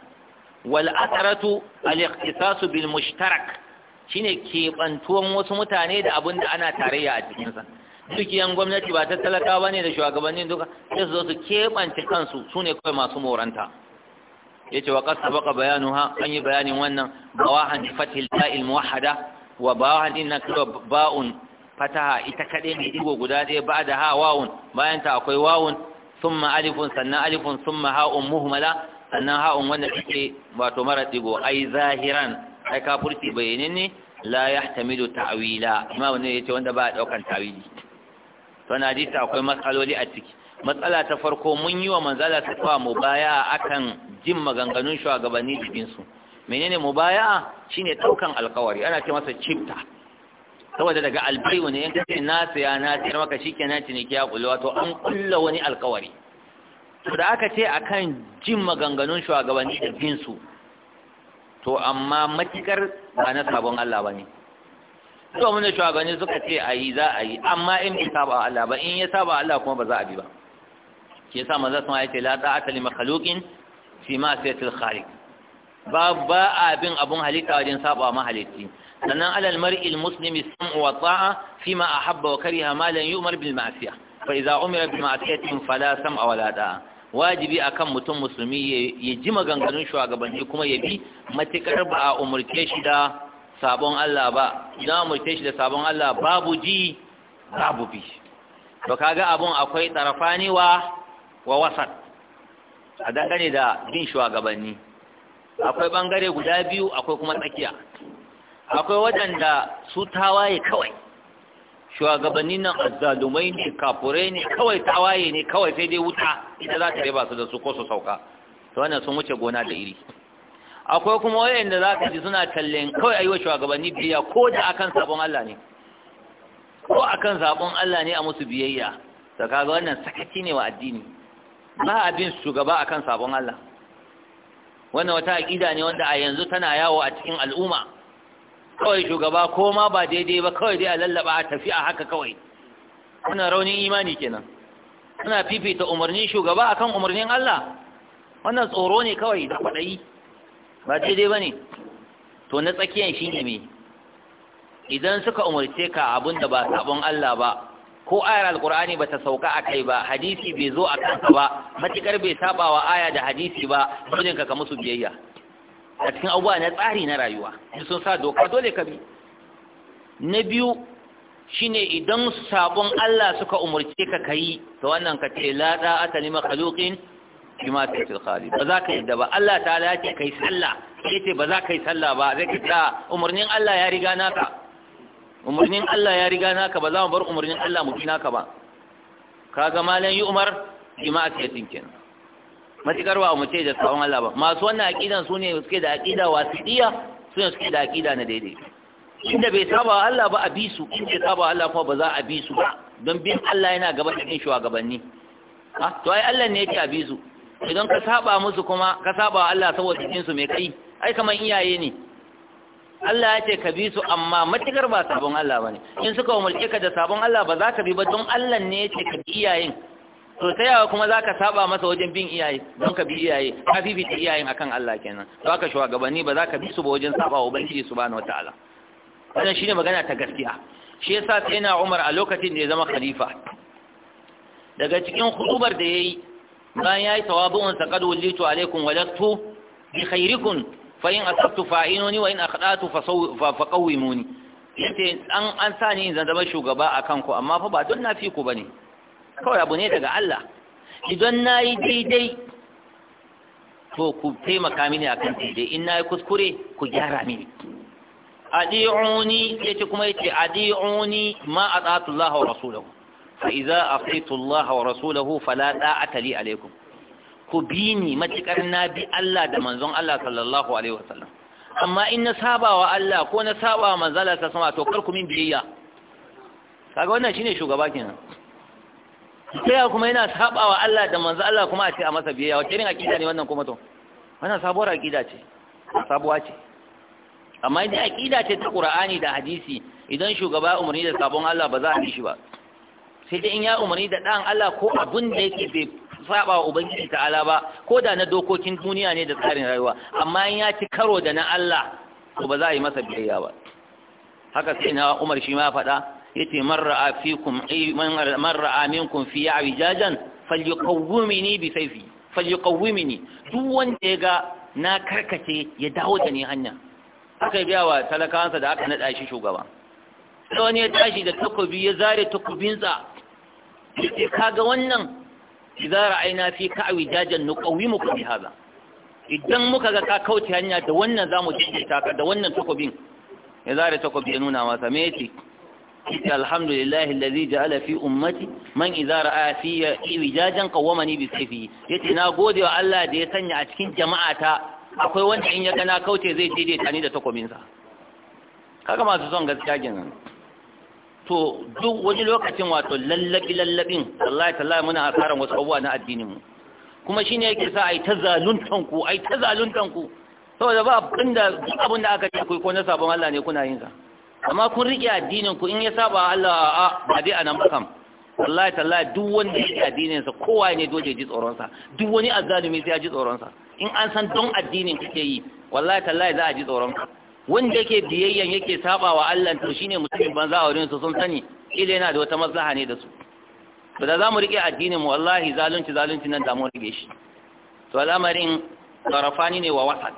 wal asratu al ikhtisas bil mushtarak Shi ne keɓantuwan wasu mutane da abin da ana tarayya a cikinsa dukiyan gwamnati ba ta talaka ba ne da shugabannin duka sai su zo su keɓance kansu su ne kawai masu moranta ya ce wa ƙasa baka bayanu ha an yi bayanin wannan Ba bawahan fatil ta'il muwahada wa wa din na kawai ba'un fataha ita kaɗe mai digo guda ɗaya ba da ha wawun bayan ta akwai wawun summa alifun sannan alifun summa ha'un muhmala sannan ha'un wanda suke wato mara digo ai zahiran ai kafirci bayanin la yahtamilu ta'wila imam ne yace wanda ba daukan ta'wili to na ji akwai matsaloli a ciki matsala ta farko mun yi wa manzala ta fa mubaya akan jin maganganun shugabanni cikin su menene mubaya shine daukan alkawari ana ce masa chipta saboda daga albai ne 'yan ce na saya na sayar maka na ciniki ya kulwa to an kulla wani alkawari to da aka ce akan jin maganganun shugabanni cikin su to amma matikar ba na sabon Allah ba ne to mun shugabanni suka ce a yi za a yi amma in bai saba Allah ba in ya saba Allah kuma ba za a bi ba ke sa manzo sun ayace la ta'ata li makhluqin fi ma sayatil khaliq ba ba abin abun halitta wajen saba ma halitti sannan alal mar'il muslimi sam'u wa ta'a fi ma ahabba wa kariha ma lan yu'mar bil ma'siyah fa idza umira bi ma'siyatin fala sam'a wa la ta'a wajibi akan mutum musulmi ya ji maganganun shugabanni kuma ya bi matukar ba a umurce shi da sabon Allah ba idan umurce shi da sabon Allah babu ji babu bi to kaga abun akwai tarafani wa wa wasat a dangane da bin shugabanni akwai bangare guda biyu akwai kuma tsakiya akwai waɗanda su tawaye kawai shugabannin nan azzalumai ne kafure ne kawai tawaye ne kawai sai dai wuta idan za ta riba su da su ko su sauka Ta wannan sun wuce gona da iri akwai kuma wayanda za ka ji suna tallen kawai ayyuka shugabanni biya ko da akan sabon Allah ne ko akan sabon Allah ne a musu biyayya to kaga wannan sakaci ne wa addini ba abin shugaba akan sabon Allah wannan wata aqida ne wanda a yanzu tana yawo a cikin al'umma kawai shugaba ko ma ba daidai ba kawai dai a lallaba a tafi a haka kawai kuna raunin imani kenan kuna fifita umarnin shugaba akan umarnin Allah wannan tsoro ne kawai da kwaɗayi ba daidai ba ne to na tsakiyan shi ne me idan suka umarce ka abun da ba sabon Allah ba ko ayar alkur'ani ba ta sauka a kai ba hadisi bai zo a kansa ba matukar bai saba wa aya da hadisi ba dole ka ka musu biyayya a cikin abubuwa na tsari na rayuwa sun sa doka dole ka bi na biyu shine idan sabon Allah suka umarce ka kai to wannan ka ce la da atali makhluqin bima tasil khali ba za ka yadda ba Allah ta'ala ya ce kai sallah sai ce ba za ka yi sallah ba zai ka ta umarnin Allah ya riga naka umarnin Allah ya riga naka ba za mu bar umarnin Allah mu bi naka ba kaga malan yi umar bima tasil kenan matikar ba mu ce da sabon Allah ba masu wannan aqidan su ne suke da aqida wasiya su ne suke da aqida na daidai inda bai saba Allah ba a bi su inda saba Allah kuma ba za a bi su ba don bin Allah yana gaba da bin shugabanni ha to ai Allah ne yake a bi su idan ka saba musu kuma ka saba Allah saboda cikin su mai kai ai kaman iyaye ne Allah ya ce ka bi su amma matikar ba sabon Allah bane in suka umulke ka da sabon Allah ba za ka bi ba don Allah ne ya ce ka bi iyayen to ta yawa kuma za ka saba masa wajen bin iyaye don ka bi iyaye ka fifita iyayen akan Allah kenan ka shuwa shugabanni ba za ka bi su ba wajen saba wa ubangiji wata ala. wannan shine magana ta gaskiya shi yasa sai na Umar a lokacin da ya zama khalifa daga cikin hudubar da ya yayi bayan yayi tawabun sa qad wallitu alaikum walaktu bi khairikum fa in asabtu fa'inuni wa in akhdatu fa qawwimuni yace an an sani in zama shugaba akan ku amma fa ba don na fi ku bane kawai abu ne daga Allah idan na yi daidai to ku taimaka mini kan daidai in na yi kuskure ku gyara mini adi'uni ce kuma yace adi'uni ma ata'atu Allah wa rasulahu fa idza aqitu Allah wa rasulahu fala da'ata li alaikum ku bi ni matukar na bi Allah da manzon Allah sallallahu alaihi wasallam amma in na saba wa Allah ko na saba wa manzala ta sama to kar ku min biyayya kaga wannan shine shugaba kenan sai kuma yana sabawa Allah da manzo Allah kuma a ce a masa biyayya wace irin akida ne wannan kuma to wannan sabuwar akida ce sabuwa ce amma idan akida ce ta Qur'ani da hadisi idan shugaba umarni da sabon Allah ba za a yi shi ba sai dai in ya umarni da dan Allah ko abun da yake bai sabawa ubangiji ubangiji ala ba ko da na dokokin duniya ne da tsarin rayuwa amma in ya ci karo da na Allah to ba za a yi masa biyayya ba haka sai na Umar shi ma faɗa yace man ra'a fikum man ra'a minkum fi ya'wijajan falyuqawwimni bi sayfi falyuqawwimni duk wanda ya ga na karkace ya dawo da ni hanya aka biya wa talakansa da aka nada shi shugaba sai wani ya tashi da takobi ya zare takobinsa yace kaga wannan idza ra'ayna fi ka'wijajan nuqawwimukum bi hadha idan muka ga ka kauce hanya da wannan zamu daidaita ka da wannan takobin ya zare takobi ya nuna masa me yace الحمد لله الذي جعل في أمتي من إذا رأى في وجاجا قومني بسيفه يتي ناقودي وعلا دي سنة أتكين جماعة أخوي وانت إن يكنا كوتي زي دي دي تاني دا تقو منسا كما ما سوزون غزكا جنان to duk wani lokacin wato lallabi lallabin wallahi tallahi muna asaran wasu abubuwa na addinin mu kuma shine yake sa ai ta zaluntan ku ai ta saboda ba abinda aka ko na sabon Allah ne kuna yin amma kun riƙe addinin ku in ya saba Allah a ba dai anan ba kam wallahi tallahi duk wanda ya riƙe addinin sa kowa ne dole ya ji tsoron sa duk wani azzalumi sai ya ji tsoron sa in an san don addinin kake yi wallahi tallahi za a ji tsoron ka wanda yake biyayyan yake saba wa Allah to shine mutumin banza a wurin su sun sani ile yana da wata maslaha ne da su to da zamu riƙe addinin mu wallahi zalunci zalunci nan da mu rike shi to al'amarin tarafani ne wa wasat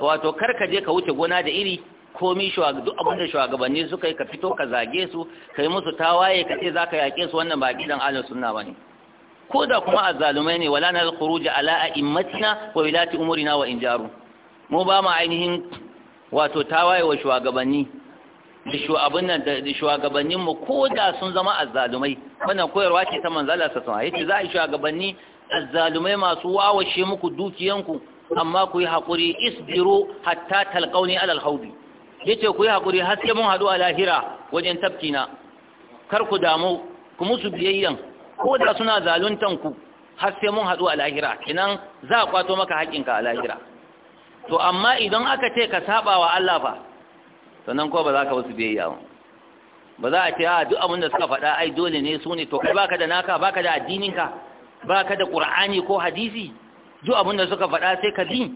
wato karka je ka wuce gona da iri komi duk abin da shugabanni suka yi ka fito ka zage su ka yi musu tawaye ka ce za ka yaƙe su wannan ba gidan ahlus sunna bane ko da kuma azzalumai ne wala nal khuruj ala a'immatina wa wilati umurina wa injaru mu ba mu ainihin wato tawaye wa shugabanni da shugaban nan da shugabannin mu ko da sun zama azzalumai wannan koyarwa ce ta manzala sa sun yace za a shugabanni azzalumai masu wawashe muku dukiyanku amma ku yi haƙuri isbiru hatta talƙauni alal haudi yace ku yi hakuri har sai mun haɗu a lahira wajen tafkina kar ku damu ku musu biyayyan ko da suna zaluntan ku har sai mun haɗu a lahira kinan za a kwato maka haƙƙinka a lahira to amma idan aka ce ka saba wa Allah fa sannan ko ba za ka wasu biyayya ba ba za a ce a ah, duk abin da suka faɗa ai dole ne su ne to kai baka da naka baka da ka baka da qur'ani ko hadisi duk abin da suka faɗa sai ka bi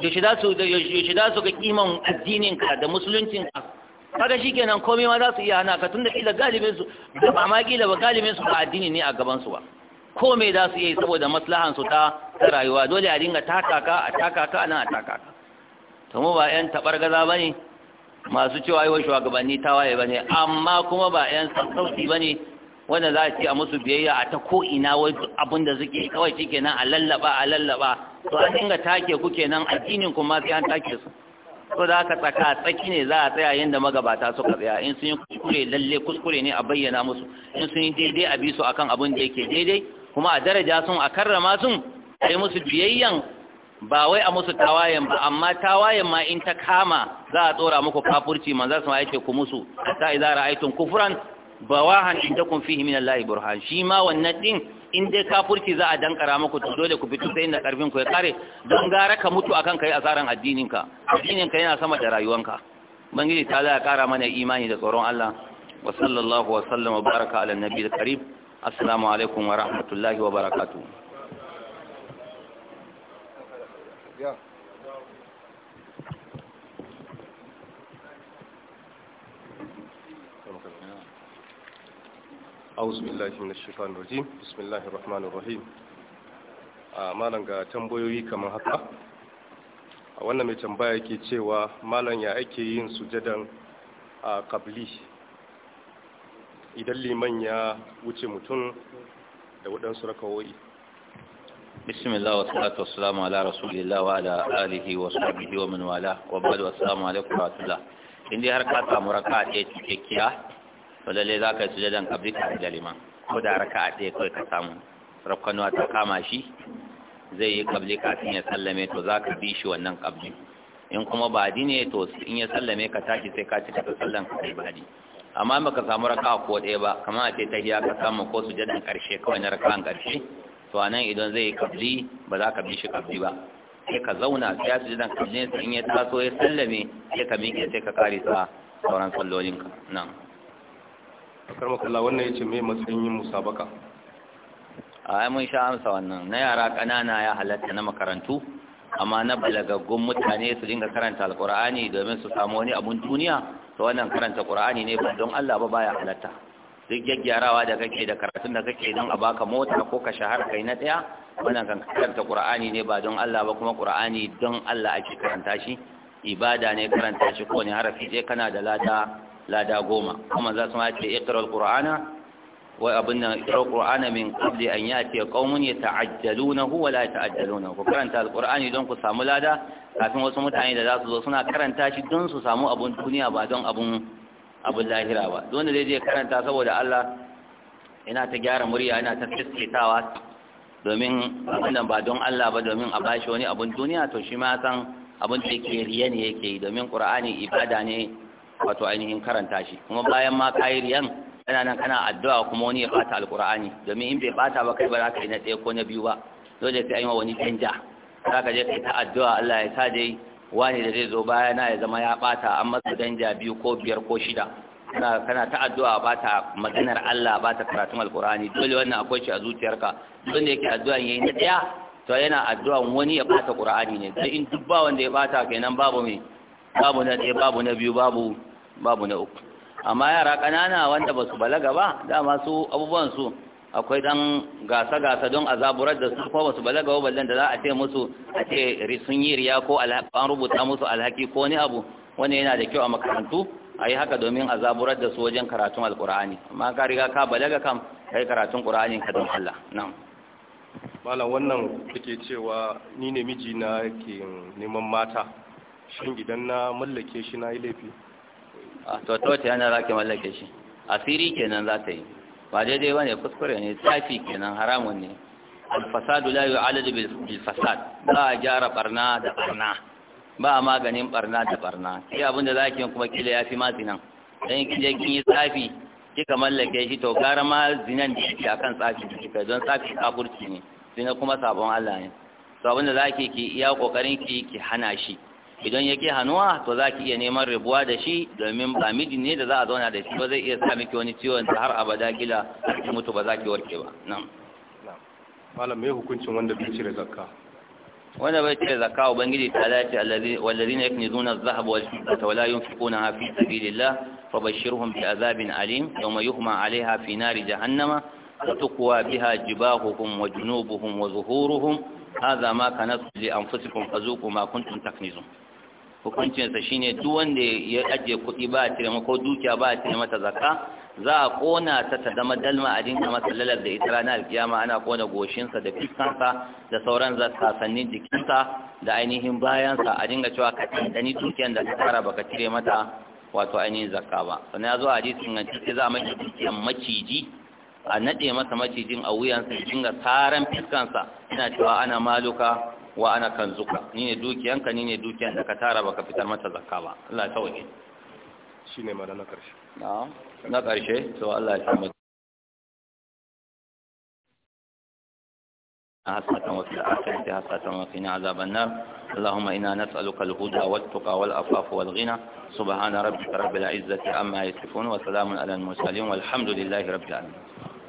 yaushe za su yaushe za su ga kiman addininka da musuluncin Haka kaga shikenan komai ma za su iya hana ka tunda kila galibin su da ba ma kila ba galibin su ba addini ne a gaban su ba komai za su yi saboda maslahan su ta rayuwa dole a dinga takaka a takaka a nan a takaka to mu ba yan gaza bane masu cewa ai ta shugabanni tawaye bane amma kuma ba yan sassauci bane wanda za a ce a musu biyayya a ta ko'ina wai abin da suke kawai shi kenan a lallaba a lallaba to a dinga take ku kenan addinin kuma sai an take su to da aka tsaka tsaki ne za a tsaya yadda magabata suka tsaya in sun yi kuskure lalle kuskure ne a bayyana musu in sun yi daidai a bi su akan abin da yake daidai kuma a daraja sun a karrama sun a yi musu biyayyan ba wai a musu tawayen ba amma tawayen ma in ta kama za a tsora muku kafurci manzo sun aike ku musu hatta idza ra'aytum kufran bawahan in takum fihi min Allah burhan shi ma wannan din in dai kafurci za a dankara muku to dole ku fito sai inda karfin ku ya kare don gara ka mutu akan kai asaran addinin ka addinin ka yana sama da rayuwanka bangiji ta Allah ya kara mana imani da tsoron Allah wa sallallahu wa sallama baraka ala nabiyil karim assalamu alaikum wa rahmatullahi wa barakatuh أعوذ بالله من الشيطان الرجيم بسم الله الرحمن الرحيم malam ga tambayoyi kamar haka a wannan mai tambaya ke cewa malan ya ake yin sujadan a kabli idan liman ya wuce mutum da wadan rakawoyi bismillah wa salatu wa salamu ala rasulillah wa ala alihi wa sahbihi wa man wala wa ba'du assalamu alaikum wa rahmatullah indai har ka samu raka'a ce cikakkiya to lalle za ka yi sujadan kabli ka da liman ko da raka a ɗaya kawai ka samu rafkanuwa ta kama shi zai yi kabli kafin ya sallame to za ka bi shi wannan kabli in kuma di ne to in ya sallame ka tashi sai ka cika ta sallan ka ba di amma baka samu raka ko ɗaya ba kamar a ce ta hiya ka samu ko sujadan ƙarshe kawai na raka ƙarshe to a nan idan zai yi kabli ba za ka bi shi kabli ba sai ka zauna sai ya sujadan kabli in ya taso ya sallame sai ka miƙe sai ka sa sauran sallolinka nan akar wannan yace mai matsayin yin musabaka a mun sha amsa wannan na yara ƙanana ya halatta na makarantu amma na balagaggun mutane su dinga karanta alkur'ani domin su samu wani abun duniya to wannan karanta qur'ani ne ba don Allah ba baya halatta duk gyaggyarawa da kake da karatun da kake don a baka mota ko ka shahar kai na daya wannan kan karanta qur'ani ne ba don Allah ba kuma qur'ani don Allah ake karanta shi ibada ne karanta shi ko ne harafi je kana da lada lada goma kuma za su mace ikirar ƙura'ana wai abin nan ikirar ƙura'ana min ƙabli an yi ake ƙaunin ya ta'ajjalu na huwa la ta'ajjalu na ku karanta alƙura'ani don ku samu lada kafin wasu mutane da za su zo suna karanta shi don su samu abun duniya ba don abun abun lahira ba don da zai karanta saboda Allah yana ta gyara murya yana ta fiskitawa domin wannan ba don Allah ba domin a bashi wani abun duniya to shi ma san abin da yake riya ne yake domin ƙura'ani ibada ne wato ainihin karanta shi kuma bayan ma kayiriyan. riyan kana nan kana addu'a kuma wani ya bata alqur'ani domin in bai fata ba kai ba za ka yi na ɗaya ko na biyu ba dole sai an yi wa wani canja za ka je kai ta addu'a Allah ya sa dai wani da zai zo na ya zama ya bata an masa danja biyu ko biyar ko shida kana kana ta addu'a ba ta maganar Allah ba ta karatun alqur'ani dole wannan akwai shi a zuciyarka don da yake addu'a yi na ɗaya? to yana addu'a wani ya bata qur'ani ne sai in duk ba wanda ya bata kenan babu me babu na ɗaya babu na biyu babu babu na uku amma yara ƙanana wanda basu balaga ba dama su abubuwan su akwai dan gasa-gasa don a da su ko ba su balaga ballen da za a ce musu a ce sun yi riya ko an rubuta musu alhaki ko wani abu wani yana da kyau a makarantu a yi haka domin a da su wajen karatun alkur'ani amma ka riga ka balaga kam ka yi karatun ƙur'ani ka don Allah nan malam wannan take cewa ni ne na ke neman mata shin idan na mallake shi na yi laifi Ah, to to ta za zaki mallake shi asiri kenan za ta yi ba daidai ne, kuskure ne tafi kenan haramun ne alfasadu la yu'alaju bil fasad ba a gyara barna da barna ba a maganin barna da barna sai abin da zaki kuma kila ya ma zinan Don ki je kin yi tsafi kika mallake shi to gara ma zinan da a kan tsafi kika don tsafi kafurci ne zina kuma sabon Allah ne to abin da zaki ki iya kokarin ki ki hana shi idan ya ke hannuwa to za ki iya neman rabuwa da shi domin ba miji ne da za a zauna da shi ba zai iya sa miki wani ciwon ta har abada gila ki mutu ba za ki warke ba nan malam me hukuncin wanda bai cire zakka wanda bai cire zakka ubangiji ta dace allazi wallazina yaknizuna adh-dhahab wal fiddata wa la yunfiqunaha fi sabilillah fabashshirhum bi azabin alim yawma yuhma 'alayha fi nari jahannama تقوى بها جباههم وجنوبهم وظهورهم هذا ما لأنفسكم ما كنتم تكنزون hukuncinsa shine duk wanda ya ajiye kuɗi ba a cire ko dukiya ba a cire mata zakka za a kona ta ta zama dalma a dinka masa lalar da ita ranar alkiyama ana kona goshinsa da fiskansa da sauran sassanin jikinsa da ainihin bayansa a dinga cewa ka ɗanɗani dukiyan da ta tara baka cire mata wato ainihin zakka ba sannan ya zo a hadisin nan cikin za a mai dukiyan maciji a naɗe masa macijin a wuyansa dinga saran fiskansa yana cewa ana maluka wa ana kan zuka ni ne dukiyanka ni ne dukiyan da ka tara baka fitar mata zakka ba Allah ya sauke shine ma na karshe na na karshe to Allah ya samu حسنة وفي الآخرة حسنة وقنا عذاب النار اللهم إنا نسألك الهدى والتقى والأفاف والغنى سبحان ربك رب العزة عما يصفون وسلام على المرسلين والحمد لله رب العالمين